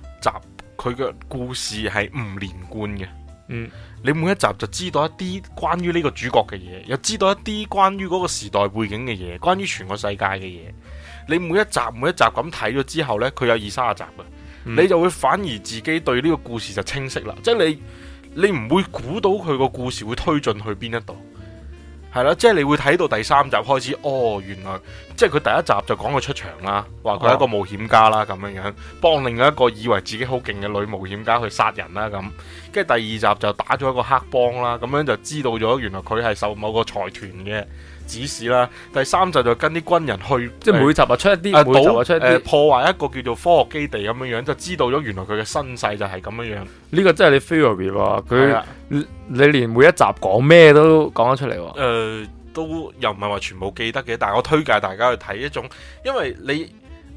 佢嘅故事係唔連貫嘅，嗯，你每一集就知道一啲關於呢個主角嘅嘢，又知道一啲關於嗰個時代背景嘅嘢，關於全個世界嘅嘢。你每一集每一集咁睇咗之後呢，佢有二三十集嘅，嗯、你就會反而自己對呢個故事就清晰啦，即係你你唔會估到佢個故事會推進去邊一度。係啦，即係你會睇到第三集開始，哦，原來即係佢第一集就講佢出場啦，話佢係一個冒險家啦，咁、哦、樣樣幫另外一個以為自己好勁嘅女冒險家去殺人啦，咁，跟住第二集就打咗一個黑幫啦，咁樣就知道咗原來佢係受某個財團嘅。指示啦，第三集就跟啲軍人去，即係每集啊出一啲，啊、每集啊出一啲墮、呃，破壞一個叫做科學基地咁樣樣，就知道咗原來佢嘅身世就係咁樣樣。呢個真係你 February 佢的，你連每一集講咩都講得出嚟。誒、呃、都又唔係話全部記得嘅，但係我推介大家去睇一種，因為你誒、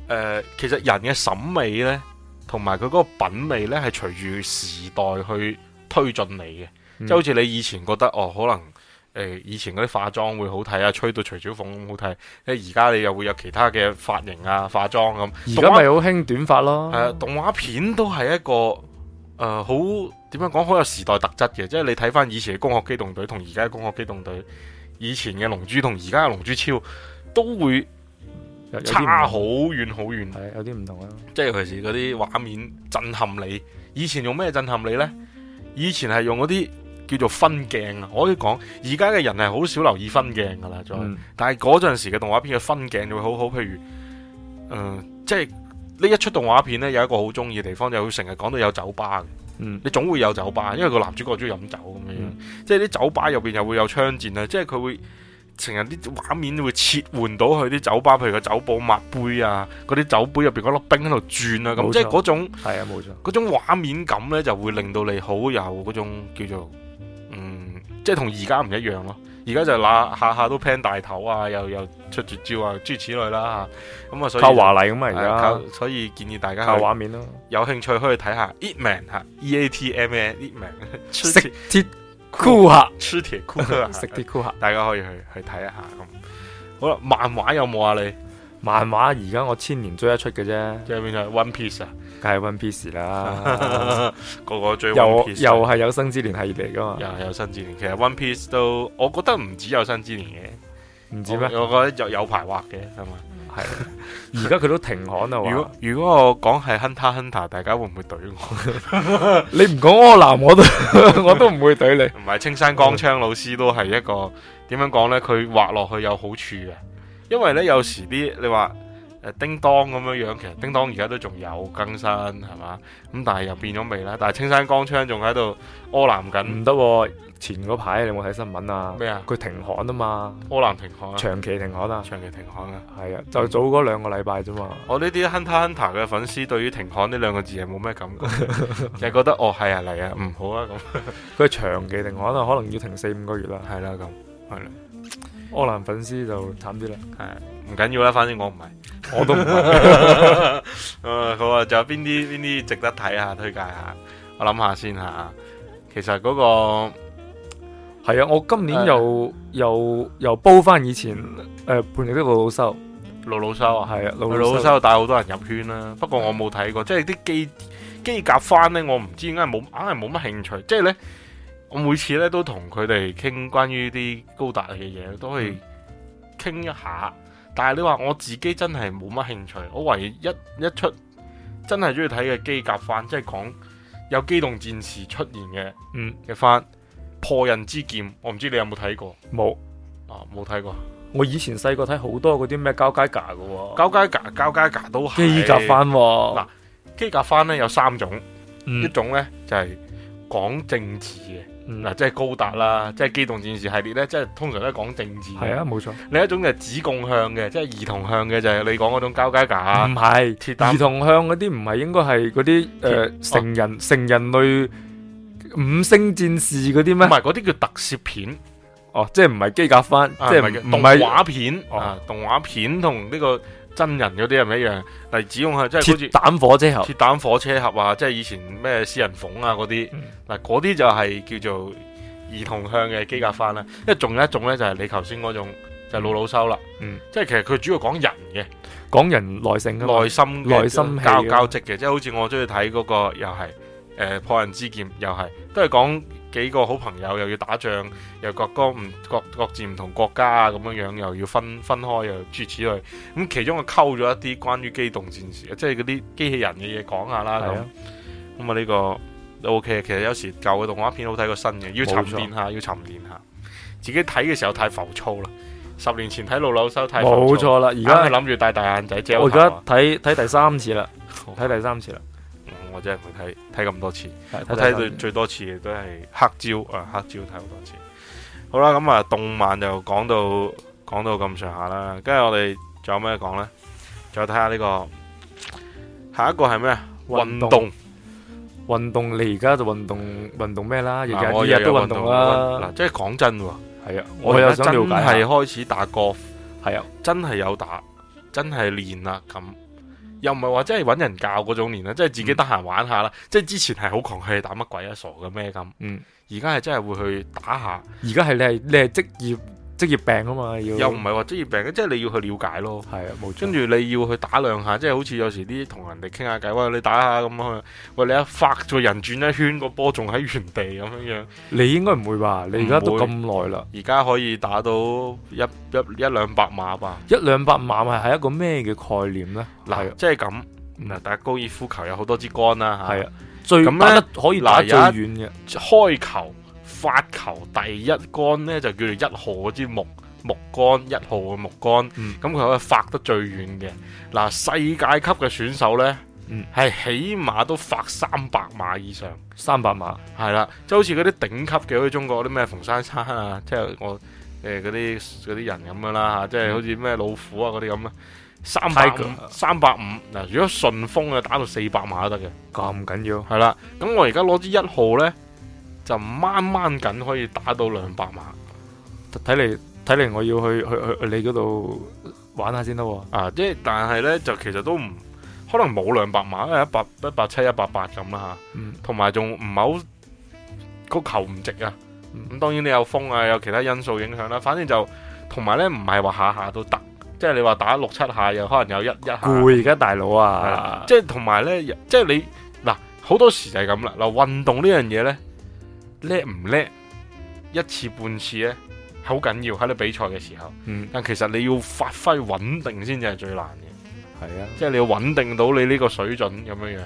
呃、其實人嘅審美咧，同埋佢嗰個品味咧，係隨住時代去推進你嘅，即係好似你以前覺得哦，可能。誒、欸，以前嗰啲化妝會好睇啊，吹到徐小鳳咁好睇。誒、欸，而家你又會有其他嘅髮型啊、化妝咁。而家咪好興短髮咯。係啊，動畫片都係一個誒、呃，好點樣講？好有時代特質嘅，即係你睇翻以前嘅《攻殼機動隊》同而家嘅《攻殼機動隊》，以前嘅《龍珠》同而家嘅《龍珠超》都會差好遠好遠。有啲唔同啊。即係尤其是嗰啲畫面震撼你。以前用咩震撼你呢？以前係用嗰啲。叫做分鏡啊！我可以講，而家嘅人係好少留意分鏡噶啦，再、嗯。但係嗰陣時嘅動畫片嘅分鏡就會好好，譬如，誒、呃，即係呢一出動畫片呢，有一個好中意嘅地方，就會成日講到有酒吧嘅。嗯、你總會有酒吧，因為個男主角中意飲酒咁樣，嗯嗯、即係啲酒吧入邊又會有槍戰啊！即係佢會成日啲畫面會切換到去啲酒吧，譬如個酒保抹杯啊，嗰啲酒杯入邊嗰粒冰喺度轉啊，咁錯即係嗰種係啊，冇錯，嗰種畫面感呢，就會令到你好有嗰種叫做。即係同而家唔一樣咯，而家就嗱下下都 plan 大頭啊，又又出絕招啊，諸如此類啦、啊、吓。咁啊，所以靠華麗咁啊而家，所以建議大家靠畫面咯。有興趣可以睇下 Eat Man 吓，E A T M N Eat Man，食鐵酷客，e A t M A, man, 啊、吃鐵酷客，食鐵酷客，大家可以去 [LAUGHS] 去睇一下咁。好啦，漫畫有冇啊你？漫畫而家我千年追一出嘅啫，即係邊個？One Piece 啊，梗係 One Piece 啦， [LAUGHS] 個個追又。又又係有生之年系列嚟噶嘛？又係有生之年，嗯、其實 One Piece 都，我覺得唔止有生之年嘅，唔止咩？我覺得有有排畫嘅係嘛？係，而家佢都停刊啦。 [LAUGHS] 如果如果我講係 Hunter Hunter，大家會唔會懟我？ [LAUGHS] [LAUGHS] 你唔講柯南我都 [LAUGHS] 我都唔會懟你。唔係青山剛昌老師都係一個點、嗯、樣講咧？佢畫落去有好處嘅。因為咧，有時啲你話誒，叮噹咁樣樣，其實叮噹而家都仲有更新，係、啊啊啊、嘛，咁但係又變咗味啦。但係青山剛昌仲喺度柯南緊，唔得。前嗰排你有冇睇新聞啊？咩啊？佢停刊啊嘛，柯南停刊、啊，長期停刊啦，長期停刊啊，係啊，啊，啊，就早嗰兩個禮拜啫嘛。嗯、我呢啲 Hunter Hunter 嘅粉絲對於停刊呢兩個字係冇咩感覺，就係 [LAUGHS] 覺得哦係啊嚟啊，唔、啊啊、好啊咁。佢長期停刊啊，可能要停四五個月啦，係啦咁，係啦。柯南粉絲就慘啲啦，係唔緊要啦，反正我唔係，我都唔係。誒、啊，佢話仲有邊啲邊啲值得睇下推介下，我諗下先吓、啊。其實嗰、那個係啊，我今年又、啊、又又煲翻以前誒，叛逆、嗯呃、的魯魯修，魯魯修啊，係魯魯修帶好多人入圈啦、啊。不過我冇睇過，啊、即係啲機機甲番呢，我唔知點解冇硬係冇乜興趣，即係咧。我每次咧都同佢哋傾關於啲高達嘅嘢，都，都可以傾、嗯、一下。但係你話我自己真係冇乜興趣。我唯一一出真係中意睇嘅機甲番，即係講有機動戰士出現嘅，嗯嘅番破刃之劍。我唔知你有冇睇過？冇沒啊，冇睇過。我以前細個睇好多嗰啲咩交街架㗎喎、哦，交街架、交街架都係機甲番、哦。嗱、啊，機甲番咧有三種，嗯、一種咧就係、是。講政治嘅嗱，嗯、即係高達啦，即係機動戰士系列咧，即係通常都係講政治。係啊，冇錯。另一種就係子供向嘅，即係兒童向嘅就係、是、你講嗰種交加架。唔係是，丁兒童向嗰啲唔係應該係嗰啲誒成人、哦、成人類五星戰士嗰啲咩？唔係，嗰啲叫特攝片。哦，即係唔係機甲番，即係唔係動畫片。哦，啊、動畫片同呢、這個。真人嗰啲係咪一樣？例只用係即係好似鐵膽火車盒、鐵膽火車盒啊！即係以前咩私人房啊嗰啲，嗱嗰啲就係叫做兒童向嘅機甲番啦。因為仲有一種咧，就係你頭先嗰種，就係、老老收啦、嗯。嗯，即係其實佢主要講人嘅，講人耐性、內心、內心、交交織嘅，即係好似我中意睇嗰個又係，誒、呃、破人之劍又係，都係講。幾個好朋友又要打仗，又各各唔各各自唔同國家啊，咁樣樣又要分分開，又諸此類。咁其中啊溝咗一啲關於機動戰士，即係嗰啲機器人嘅嘢講下啦。咁咁是啊呢、呢個都 OK，其實有時舊嘅動畫片好睇過新嘅，要沉澱下，沒錯 要沉澱下。自己睇嘅時候太浮躁啦。十年前睇魯魯修太浮躁啦。而家係諗住戴大眼仔，啊、我而家睇睇第三次啦，睇哇 第三次啦。我真係會睇睇咁多次，我睇到最多次都係黑椒啊，黑椒睇好多次。好啦，咁、嗯、啊，動漫就講到講到咁上下啦，跟住我哋仲有咩講呢？仲有睇下呢個，下一個係咩啊？運動，運動，你而家就運動運動咩啦？日日都運動啦。嗱，即係講真喎，係啊，我有想了解，我係開始打 golf 係啊，真係有打，真係練啦咁。又唔係話真係揾人教嗰種年啦，即係自己得閒玩下啦。即係，嗯，之前係好狂氣打乜鬼啊，傻嘅咩咁。而家係真係會去打下，而家係你係你係職業。職業病啊嘛，要又唔係話職業病嘅，即係你要去了解咯。係啊，冇錯。跟住你要去打兩下，即係好似有時啲同人哋傾下偈，喂，你打一下咁啊？喂，你一發咗人轉一圈，個波仲喺原地咁樣樣。你應該唔會吧？你而家都咁耐啦，而家可以打到一一一兩百碼吧？一兩百碼係係一個咩嘅概念咧？嗱，即係咁，嗱，打高爾夫球有好多支杆啦，吓。係啊，最咩可以打最遠嘅？開球。發球第一杆呢，就叫做一號嗰支木木杆，一號嘅木杆，咁佢可以發得最遠嘅。嗱、啊，世界級嘅選手呢，係、嗯、起碼都發三百碼以上，三百碼係啦，即係好似嗰啲頂級嘅，好似中國嗰啲咩馮珊珊啊，即、就、係、是、我誒嗰啲嗰啲人咁樣啦，即係好似咩老虎啊嗰啲咁啊，三百五三百五嗱，5, Tiger. 5, 如果順風啊打到四百碼都得嘅，咁緊要係啦。咁我而家攞支一號呢。就掹掹緊可以打到兩百碼，睇嚟睇嚟我要去去去你嗰度玩下先得啊,啊！即係但係呢，就其實都唔可能冇兩百碼，一百、一百七一百八咁啦同埋仲唔係好個球唔值啊！咁、嗯、當然你有風啊，有其他因素影響啦、啊。反正就同埋呢，唔係話下下都得，即係你話打六七下又可能有一一下攰而家大佬啊！的啊即係同埋呢，即係你嗱好、啊、多時就係咁啦嗱，運動呢樣嘢呢。叻唔叻一次半次呢，好緊要喺你比賽嘅時候。嗯，但其實你要發揮穩定先至係最難嘅。係啊，即係你要穩定到你呢個水準咁樣樣。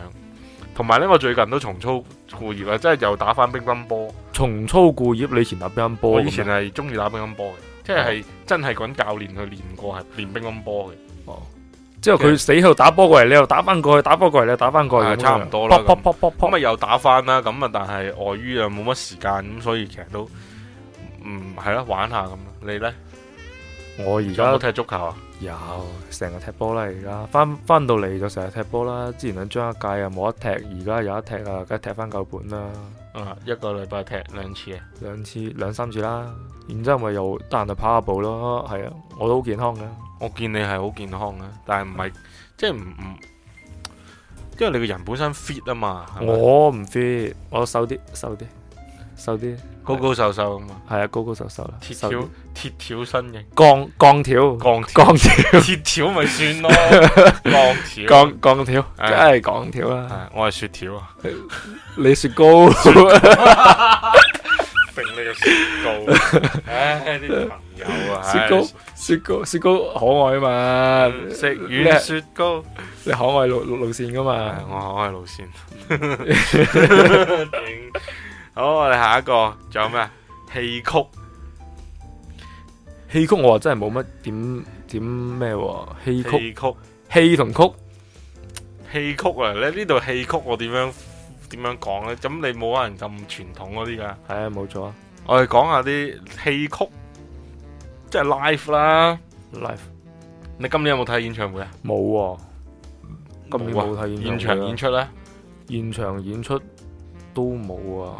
同埋呢，我最近都重操故業啦，即係又打翻乒乓波。重操故業，你以前打乒乓波？我以前係中意打乒乓波嘅，即係真係跟教練去練過練乒，係練乒乓波嘅。之後佢死後打波過嚟，你又打翻過去；打波過嚟，你又打翻過去，差唔多啦。咁咪又打翻啦。咁啊，但係礙於啊冇乜時間，咁所以其實都嗯係啦，玩下咁。你呢？我而家都踢足球啊？有成日踢波啦，而家翻翻到嚟就成日踢波啦。之前兩張一屆又冇得踢，而家有得踢啊，梗係踢翻夠本啦、嗯。一個禮拜踢兩次啊？兩次、兩三次啦。然之後咪又得閒就跑下步咯。係啊，我都好健康噶。我見你係好健康啊，但係唔係即係唔唔，因為你個人本身 fit 啊嘛。我唔 fit，我瘦啲，瘦啲，瘦啲，高高瘦瘦咁嘛。係啊，高高瘦瘦啦，鐵條，鐵條身型，鋼鋼條，鋼鋼條，鐵條咪算咯，鋼條，鋼鋼條，梗係鋼條啦。我係雪條啊，你雪糕，頂你個雪糕，唉啲。有啊！雪糕，雪糕，雪糕可愛啊嘛！食魚啊，雪糕，你可愛路路線噶嘛？我可愛路線。好，我哋下一個仲有咩？戲曲，戲曲我話真係冇乜點點咩喎？戲曲，戲同曲，戲曲啊！你呢度戲曲我點樣點樣講咧？咁你冇可能咁傳統嗰啲噶？係啊，冇錯啊！我哋講下啲戲曲。即係 live 啦，live。你今年有冇睇演唱會冇啊？冇，今年冇睇演唱會啊。現場演出咧，現場演出都冇啊。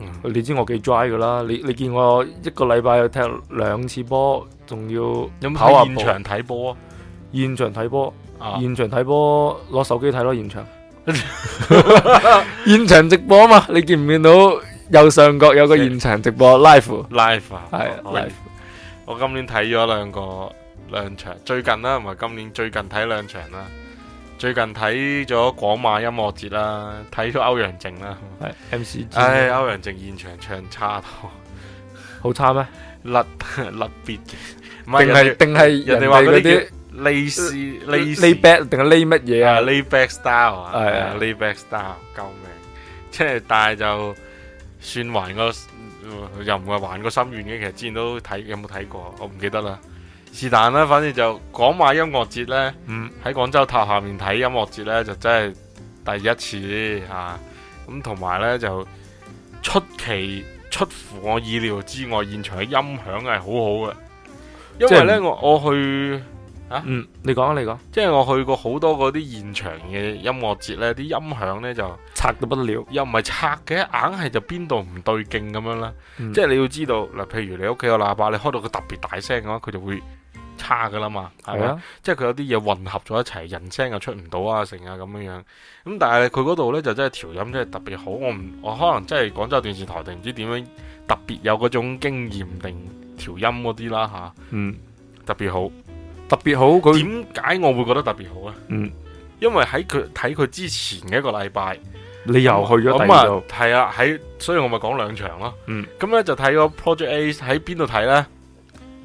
嗯、你知我幾 dry 㗎啦？你你見我一個禮拜去踢兩次波，仲要跑啊現場睇波，啊，現場睇波，現場睇波，攞手機睇咯。現場現場直播嘛？你見唔見到右上角有個現場直播 live？live 係啊，live 我今年睇咗兩個兩場，最近啦，唔係今年最近睇兩場啦。最近睇咗廣馬音樂節啦，睇咗歐陽靖啦。係 M C G。唉、哎，歐陽靖現場唱差到，好差咩？甩甩別嘅，唔係定係人哋話嗰啲叫 lazy, 了 lazy, lay 絲 lay layback 定係 lay 乜嘢啊？layback style 係啊，layback style，救命！即係但係就算還個。又唔係還個心願嘅，其實之前都睇有冇睇過，我唔記得啦。是但啦，反正就廣馬音樂節呢，嗯，喺廣州塔下面睇音樂節呢，就真係第一次吓。咁同埋呢，就出奇出乎我意料之外，現場嘅音響係好好嘅，因為呢，不我我去。啊，嗯，你講、啊、你講，即係我去過好多嗰啲現場嘅音樂節呢，啲音響呢就拆到不了，又唔係拆嘅，硬係就邊度唔對勁咁樣啦。嗯、即係你要知道嗱，譬如你屋企個喇叭，你開到佢特別大聲嘅話，佢就會差噶啦嘛，係啊？即係佢有啲嘢混合咗一齊，人聲又出唔到啊，成啊咁樣樣。咁但係佢嗰度呢，就真係調音真係特別好，我唔我可能真係廣州電視台定唔知點樣特別有嗰種經驗定調音嗰啲啦吓，啊、嗯，特別好。特別好，佢點解我會覺得特別好啊？嗯，因為喺佢睇佢之前嘅一個禮拜，你又去咗第二度係啊，喺所以我咪講兩場咯。嗯，咁咧就睇個 Project A 喺邊度睇呢？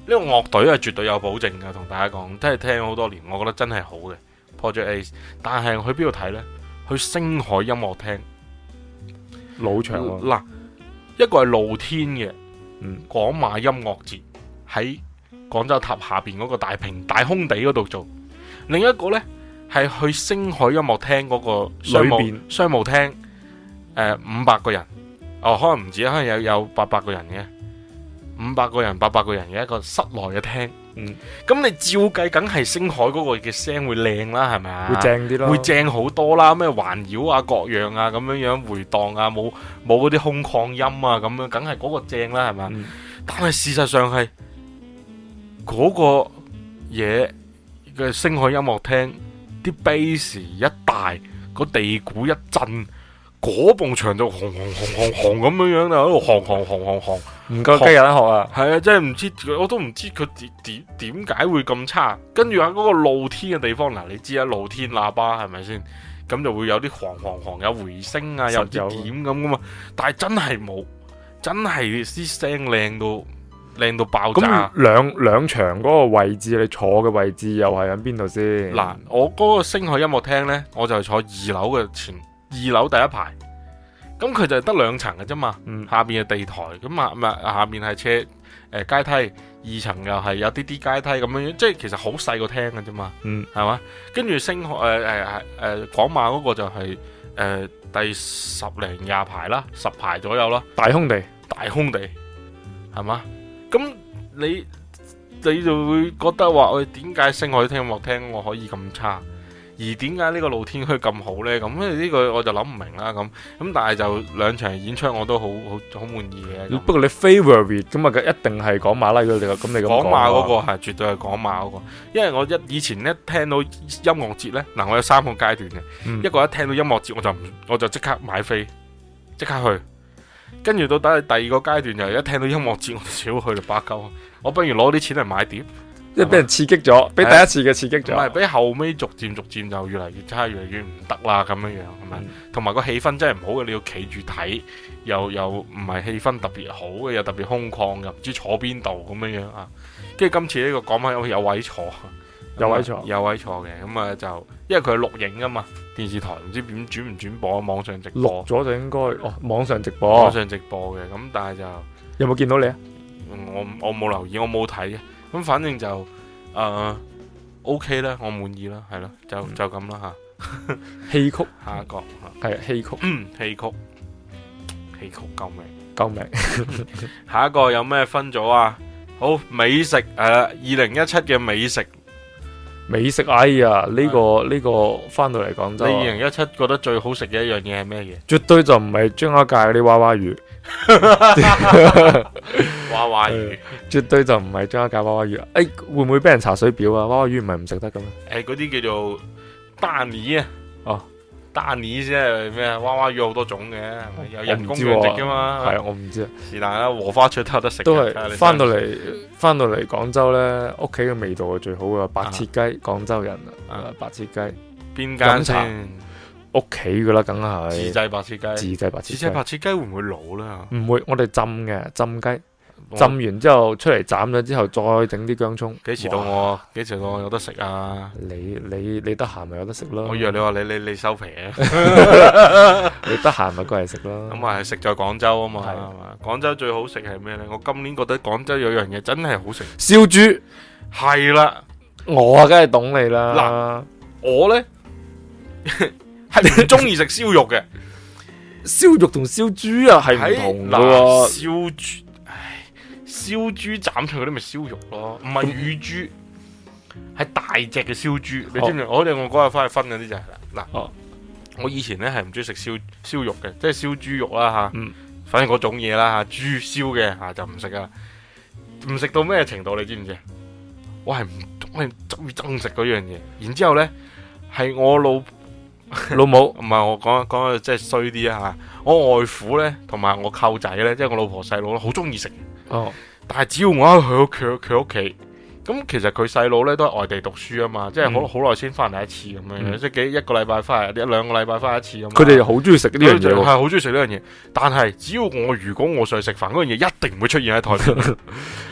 呢個樂隊係絕對有保證噶，同大家講，即係聽好多年，我覺得真係好嘅 Project A。但係去邊度睇呢？去星海音樂廳，老場咯。嗱，一個係露天嘅，嗯，廣馬音樂節喺。廣州塔下邊嗰個大屏、大空地嗰度做，另一個呢，係去星海音樂廳嗰個商務面商務廳，呃，五百個人，哦，可能唔止，可能有有八百個人嘅五百個人、八百個人嘅一個室內嘅廳。嗯，咁你照計，梗係星海嗰個嘅聲會靚啦，係咪啊？會正啲咯，會正好多啦。咩環繞啊、各樣啊，咁樣樣回蕩啊，冇冇嗰啲空曠音啊，咁樣梗係嗰個正啦，係咪啊？嗯，但係事實上係。嗰個嘢嘅星海音樂廳，啲 bass 一大，個地鼓一震，嗰埲牆就轟轟轟轟轟咁樣樣啦，喺度轟轟轟轟轟，唔夠雞有得學啊！係啊紅，真係唔知，我都唔知佢點點點解會咁差。跟住喺嗰個露天嘅地方，嗱，你知啊，露天喇叭係咪先？咁就會有啲轟轟轟有回聲啊，有啲點咁噶嘛。但係真係冇，真係啲聲靚到。靚到爆炸！咁兩兩場嗰個位置，你坐嘅位置又係喺邊度先？嗱，我嗰個星海音樂廳呢，我就坐二樓嘅前二樓第一排。咁佢就係得兩層嘅啫嘛，下面係地台咁啊，唔下面係車誒階梯，二層又係有啲啲階梯咁樣，即係其實好細個廳嘅啫嘛，嗯，係嘛？跟住星海誒誒誒，廣、呃呃呃、馬嗰個就係、是、誒、呃、第十零廿排啦，十排左右啦，大空地，大空地，係嘛？咁你你就會覺得話，我點解星海音樂廳我可以咁差，而點解呢個露天區咁好咧？咁呢個我就諗唔明啦。咁咁但係就兩場演出我都好好好滿意嘅。不過你 favorite 咁啊，一定係講馬拉嗰個。咁講馬嗰個係絕對係講馬嗰個。因為我一以前一聽到音樂節咧，嗱，我有三個階段嘅。一個一聽到音樂節我就唔我就即刻買飛，即刻去。跟住到底第二個階段就一聽到音樂節，我就少去到八九，我不如攞啲錢嚟買碟，即係俾人刺激咗，俾吧第一次嘅刺激咗，唔係俾後尾逐漸逐漸就越嚟越差，越嚟越唔得啦咁樣樣，係咪？同埋個氣氛真係唔好嘅，你要企住睇，又又唔係氣氛特別好嘅，又特別空曠，又唔知坐邊度咁樣樣啊？跟住、嗯、今次呢個講翻有有位坐，有位坐，有位坐，有位坐嘅，咁啊就，因為佢係錄影噶嘛。電視台唔知點轉唔轉播網上直播，錄咗就應該哦。網上直播，網上直播嘅咁，但係就有冇見到你啊、嗯？我我冇留意，我冇睇。咁反正就誒、呃、OK 啦，我滿意啦，係啦，就就咁啦吓。戲、啊、 [LAUGHS] 曲下一個係戲、啊、曲，戲 [COUGHS] 曲，戲曲，救命，救命！ [LAUGHS] 下一個有咩分組啊？好美食係啦，二零一七嘅美食。美食哎呀，呢、這個呢、嗯這個翻、這個、到嚟廣州。你二零一七覺得最好食嘅一樣嘢係咩嘢？絕對就唔係張家界嗰啲娃娃魚。娃娃魚，絕對就唔係張家界娃娃魚。誒，會唔會俾人查水表啊？娃娃魚唔係唔食得噶咩？誒、欸，嗰啲叫做丹鯢啊。哦丹尼係咩？娃娃魚好多種嘅，係咪有人工養噶嘛？係啊，我唔知啊。和是但係咧，禾花雀都有得食。都係翻到嚟，翻到嚟廣州咧，屋企嘅味道係最好嘅白切雞。廣州人啊，白切雞。邊間屋企噶啦，梗係自製白切雞。間自製白切雞。切白切雞會唔會老咧？唔會，我哋浸嘅浸雞。浸完之後出嚟斬咗之後再整啲薑葱，幾時到我？幾哇時到我有得食啊？你你你得閒咪有得食咯。我以為你話你你你收皮啊！ [LAUGHS] [LAUGHS] 你得閒咪過嚟食咯。咁啊，食在廣州啊嘛。廣吧州最好食係咩呢？我今年覺得廣州有樣嘢真係好食，燒豬係啦。我啊梗係懂你啦，嗱。我呢？係中意食燒肉嘅，燒肉同燒豬啊係唔同燒、啊、豬。燒豬斬出去啲咪燒肉咯，唔係乳豬，係大隻嘅燒豬。你知唔知？Oh. 我哋我嗰日翻去分嗰啲就係啦。嗱，oh. 我以前咧係唔中意食燒燒肉嘅，即係燒豬肉啦吓，啊 mm. 反正嗰種嘢啦吓，豬燒嘅吓就唔食㗎啦。唔食到咩程度？你知唔知？我係唔我係鍾意憎食嗰樣嘢。然之後咧，係我老老母唔係 [LAUGHS] 我講講即係衰啲啊吓。我外父咧同埋我舅仔咧，即係我老婆細佬啦，好中意食。哦！但係只要我一去佢佢屋企，咁其實佢細佬咧都係外地讀書啊嘛，嗯、即係好好耐先翻嚟一次咁樣，嗯、即幾一個禮拜翻嚟，一兩個禮拜翻一次咁。佢哋好中意食呢樣嘢，係好中意食呢樣嘢。是但係只要我如果我上去食飯，嗰樣嘢一定唔會出現喺台，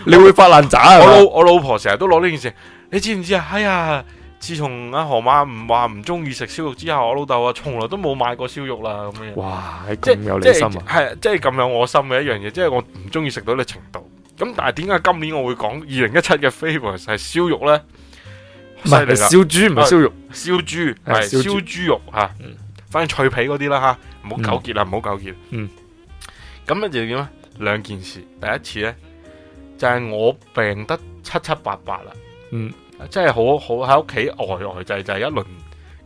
你會發爛渣。我老我老婆成日都攞呢件事，你知唔知啊？哎呀！自從阿河馬唔話唔中意食燒肉之後，我老豆啊從來都冇買過燒肉啦咁樣。哇，咁有良心啊！係，即係咁有我心嘅一樣嘢，即係我唔中意食到嘅程度。咁但係點解今年我會講二零一七嘅 favorite 係燒肉呢？唔係是，燒豬唔係燒肉，燒豬係燒豬，豬肉吓，啊嗯、反正脆皮嗰啲啦吓，唔好糾結啦，唔好糾結。嗯，咁咧、嗯、就點咧？兩件事，第一次呢，就係、是、我病得七七八八啦，嗯。即係好好喺屋企呆呆滯滯一輪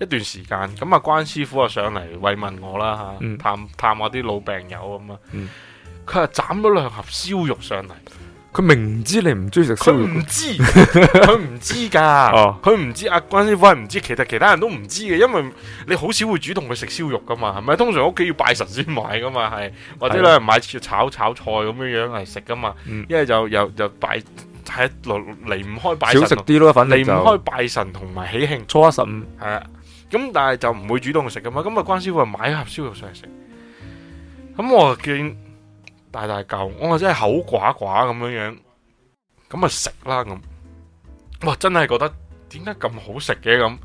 一段時間咁，啊關師傅啊上嚟慰問我啦吓、嗯、探探我啲老病友咁，啊佢啊斬咗兩盒燒肉上嚟。佢明知你唔中意食燒肉，唔知佢唔 [LAUGHS] 知噶，佢唔知阿關師傅係唔知，其實其他人都唔知嘅，因為你好少會主動去食燒肉噶嘛係咪？通常屋企要拜神先買噶嘛係，或者咧買炒炒菜咁樣樣嚟食噶嘛一係、嗯、就又又拜。係嚟，唔開拜神，少食啲咯，反正就嚟唔開拜神同埋喜慶、初一十五係啊，咁但係就唔會主動食噶嘛。咁啊關師傅啊買一盒燒肉上嚟食，咁我見大大嚿，我真係口寡寡咁樣樣，咁啊食啦咁。哇，真係覺得點解咁好食嘅咁？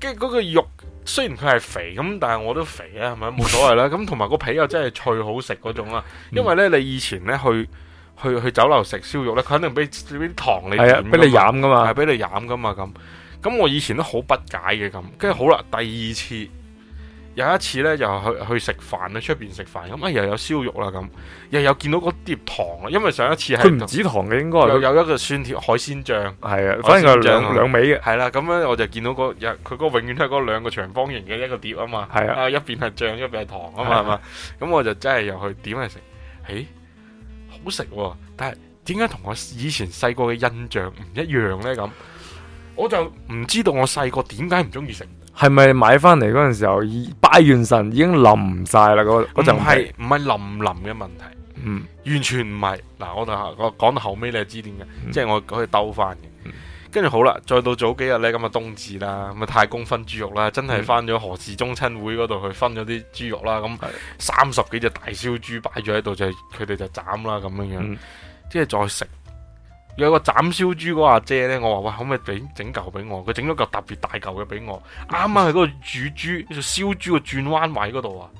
跟住嗰個肉雖然佢係肥咁，但係我都肥啊，係咪冇所謂啦？咁同埋個皮又真係脆好食嗰種啦。因為咧，你以前咧去。去去酒樓食燒肉呢，佢肯定俾俾啲糖你，係啊，俾你飲噶嘛，係俾、啊、你飲噶嘛咁。咁我以前都好不解嘅咁，跟住好啦，第二次有一次呢，又去去食飯，去出邊食飯咁啊，又有燒肉啦咁，又有見到個碟糖啊，因為上一次佢唔止糖嘅，應該有，有一個酸甜海鮮醬，係啊，反正兩、啊、味嘅，係啦、啊。咁樣我就見到、嗰個佢個永遠都係嗰兩個長方形嘅一個碟啊嘛，係啊，啊，一邊係醬，一邊係糖啊嘛，係嘛、啊。咁、嗯、我就真係又去點嚟食，誒。欸好食，哦，但係點解同我以前細個嘅印象唔一樣呢？咁我就唔知道我細個點解唔中意食，係咪買翻嚟，嗰陣時候已拜完神已經淋晒？啦？嗰嗰陣係唔係淋淋嘅問題？嗯，完全唔係。嗱，我就我講到後尾你就知點嘅，即係、嗯、我可以兜翻嘅。嗯跟住好啦，再到早幾日咧，咁啊冬至啦，咁啊太公分豬肉啦，真係翻咗何氏宗親會嗰度去分咗啲豬肉啦，咁三十幾隻大燒豬擺咗喺度，就係佢哋就斬啦咁樣樣，嗯、即係再食。有個斬燒豬嗰阿姐咧，我話喂，可唔可以整整嚿俾我？佢整咗嚿特別大嚿嘅俾我，啱啱喺嗰個煮豬、燒豬嘅轉彎位嗰度啊，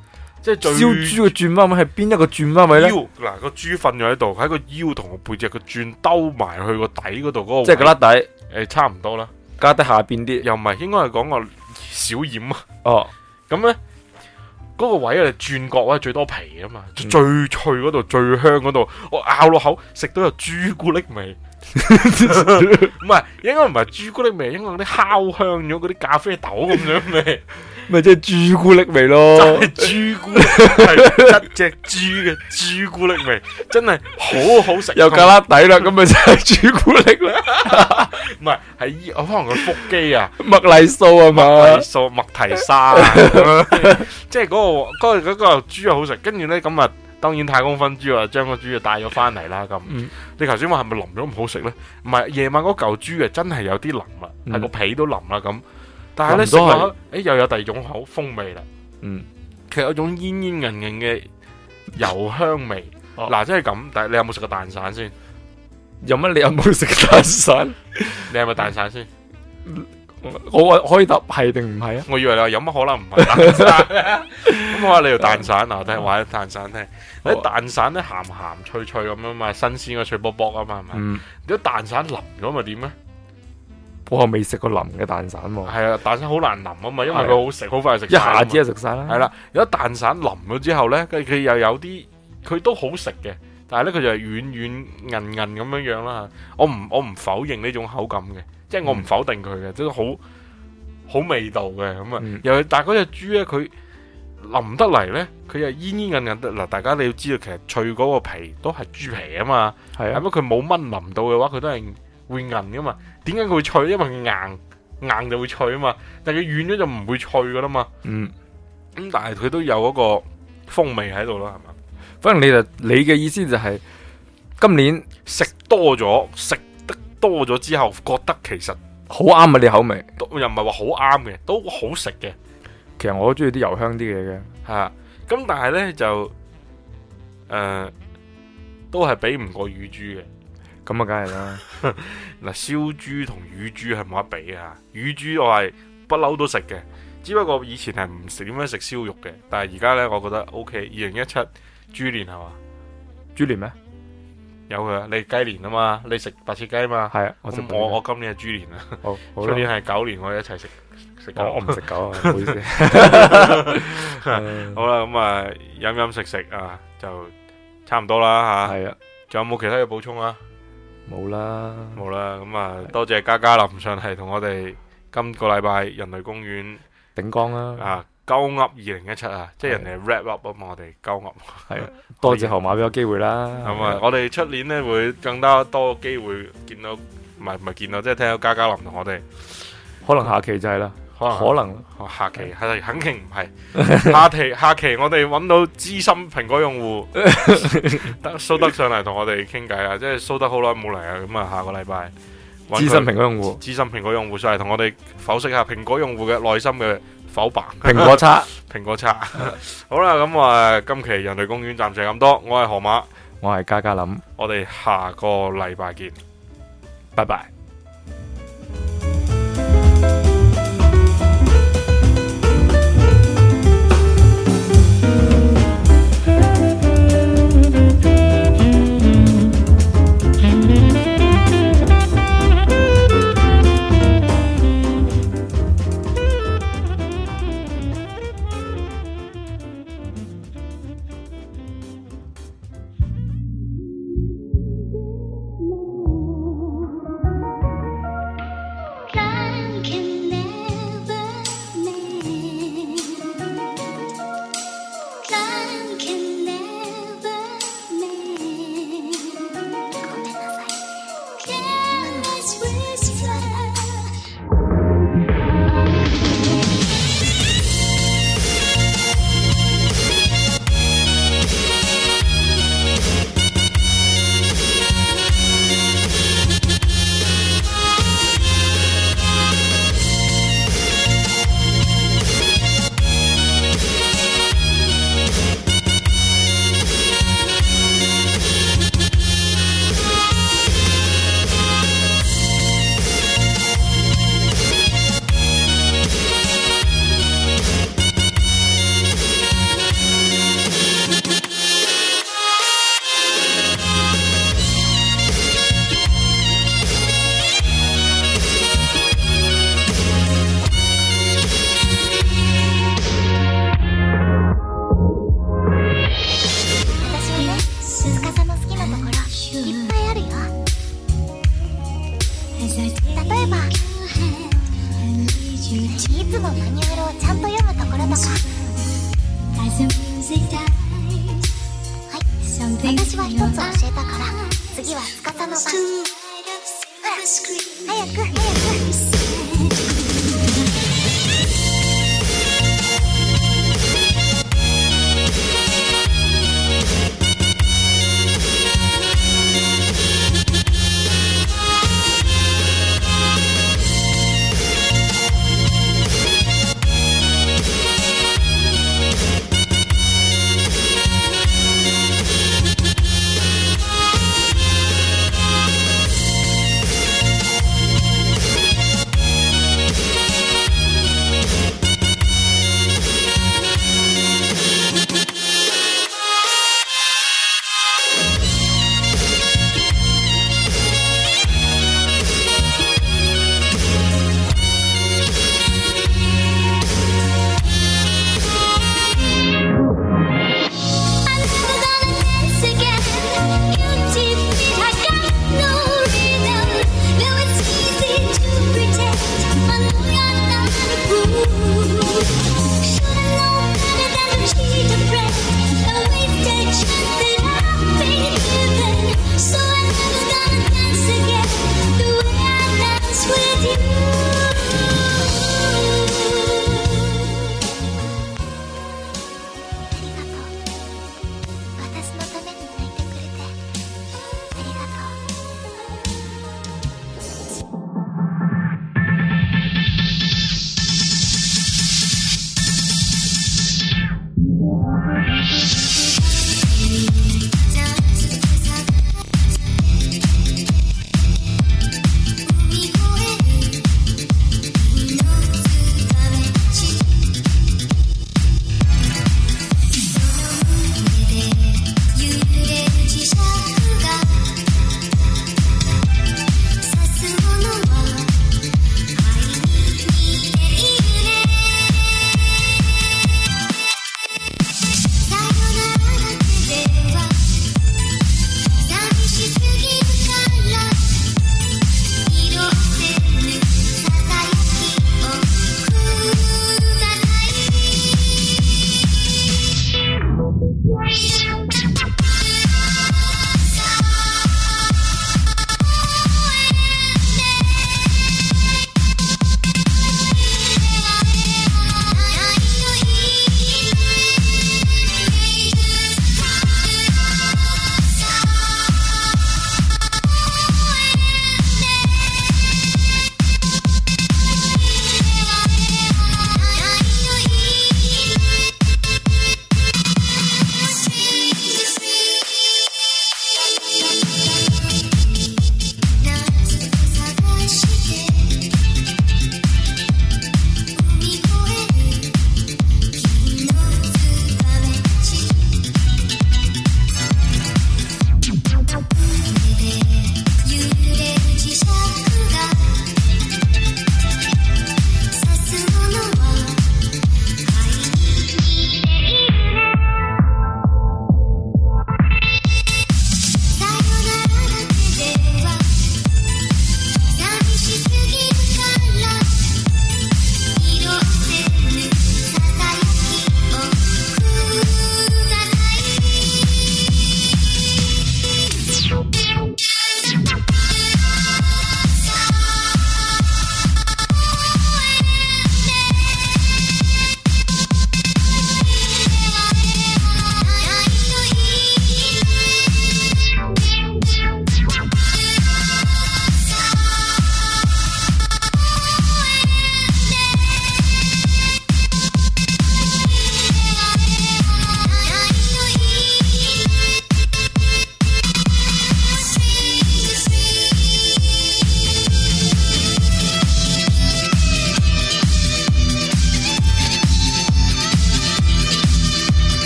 即係燒豬嘅轉彎位係邊一個轉彎位咧？腰。嗱、個豬瞓咗喺度，喺個腰同個背脊個轉兜埋去個底嗰度，嗰個即係個甩底。誒，差唔多啦，加得下邊啲又唔係，應該係講個小染啊。哦，咁呢，嗰、嗰個位啊，轉角位最多皮啊嘛，嗯、最脆嗰度、最香嗰度，我咬落口食到有朱古力味，唔係， [LAUGHS] [LAUGHS] 應該唔係朱古力味，應該有啲烤香咗嗰啲咖啡豆咁樣味。 [LAUGHS] 咪即係朱古力味咯，係朱古力，係一隻豬嘅朱古力味，真係好好食，有咖喱底啦，咁咪就係朱古力啦。唔係，係可能佢腹肌啊，麥麗素啊嘛，麥麗素麥提沙，即係嗰個嗰個嗰個豬又好食。跟住咧，咁啊，當然太公分豬啊，將個豬啊帶咗翻嚟啦。咁，你頭先話係咪淋咗咁好食咧？唔係，夜晚嗰嚿豬啊，真係有啲淋啦，係個皮都淋啦咁。但係咧，食落，哎又有第二種口風味啦。嗯，其實有種煙煙韌韌嘅油香味。嗱，即係咁。但係你有冇食過蛋散先？有乜？你有冇食蛋散？你係咪蛋散先？我話可以答係定唔係啊？我以為你話有乜，可能唔係蛋散。咁我話你要蛋散嗱，聽玩蛋散聽。啲蛋散咧鹹鹹脆脆咁啊嘛，新鮮嘅脆卜卜啊嘛，係咪？如果蛋散淋咗咪點咧？我未食過淋嘅蛋散喎，係啊，蛋散好難淋啊嘛，因為佢好食，好、啊、快食，一下子就食晒啦。係啦、啊，有啲蛋散淋咗之後呢，佢又有啲，佢都好食嘅，但係呢，佢就係軟軟韌韌咁樣樣啦。我唔我唔否認呢種口感嘅、嗯，即係我唔否定佢嘅，即都好好味道嘅咁啊。但係嗰隻豬呢，佢淋得嚟呢，佢又煙煙韌韌。嗱，大家你要知道，其實脆嗰個皮都係豬皮啊嘛，係啊。咁佢冇燜淋到嘅話，佢都係。會硬噶嘛？點解佢會脆？因為硬，硬就會脆啊嘛。但係佢軟咗就唔會脆噶啦嘛。嗯，嗯。咁但係佢都有嗰個風味喺度咯，係嘛？反正你就你嘅意思就係、是、今年食多咗，食得多咗之後，覺得其實好啱你口味，都又唔係話好啱嘅，都好食嘅。其實我都中意啲油香啲嘢嘅，係咁的、嗯、但係呢，就，誒、呃，都係比唔過乳豬嘅。咁啊，梗係啦！嗱，燒豬同乳豬係冇得比啊！乳豬我係不嬲都食嘅，只不過以前係唔食點樣食燒肉嘅，但係而家呢，我覺得 OK。二零一七豬年係嘛？豬年咩？有佢啊！你雞年啊嘛，你食白切雞啊嘛。係啊，我我，我今年係豬年啊。Oh, 好，年係狗年，我哋一齊食食，我唔食狗啊，唔 [LAUGHS] 好意思。好啦，咁啊，飲飲食食啊，就差唔多啦吓。係啊，仲有冇其他嘢補充啊？冇啦，冇啦，咁啊，多謝嘉嘉林上嚟同我哋今個禮拜人類公園頂缸啦，啊，鳩 up 二零一七啊，即係人哋 rap up 啊嘛，我哋鳩 up 係啊，多謝河馬俾個機會啦，咁啊，我哋出年呢會更加多機會見到，唔係唔係見到，即係聽到嘉嘉林同我哋，可能下期就係啦。可能，可能下期係的肯定唔係 [LAUGHS] 下期下期我哋揾到資深蘋果用戶蘇 [LAUGHS] [LAUGHS] 德上嚟同我哋傾偈啊！即係蘇德好耐冇嚟啊！咁啊下個禮拜資深蘋果用戶、資深蘋果用戶上嚟同我哋剖析下蘋果用戶嘅內心嘅否白、蘋果叉、蘋 [LAUGHS] 果叉叉。 [LAUGHS] 果叉 [LAUGHS] 好啦，咁啊今期人類公園暫時咁多。我係河馬，我係嘉嘉林，我哋下個禮拜見，拜拜。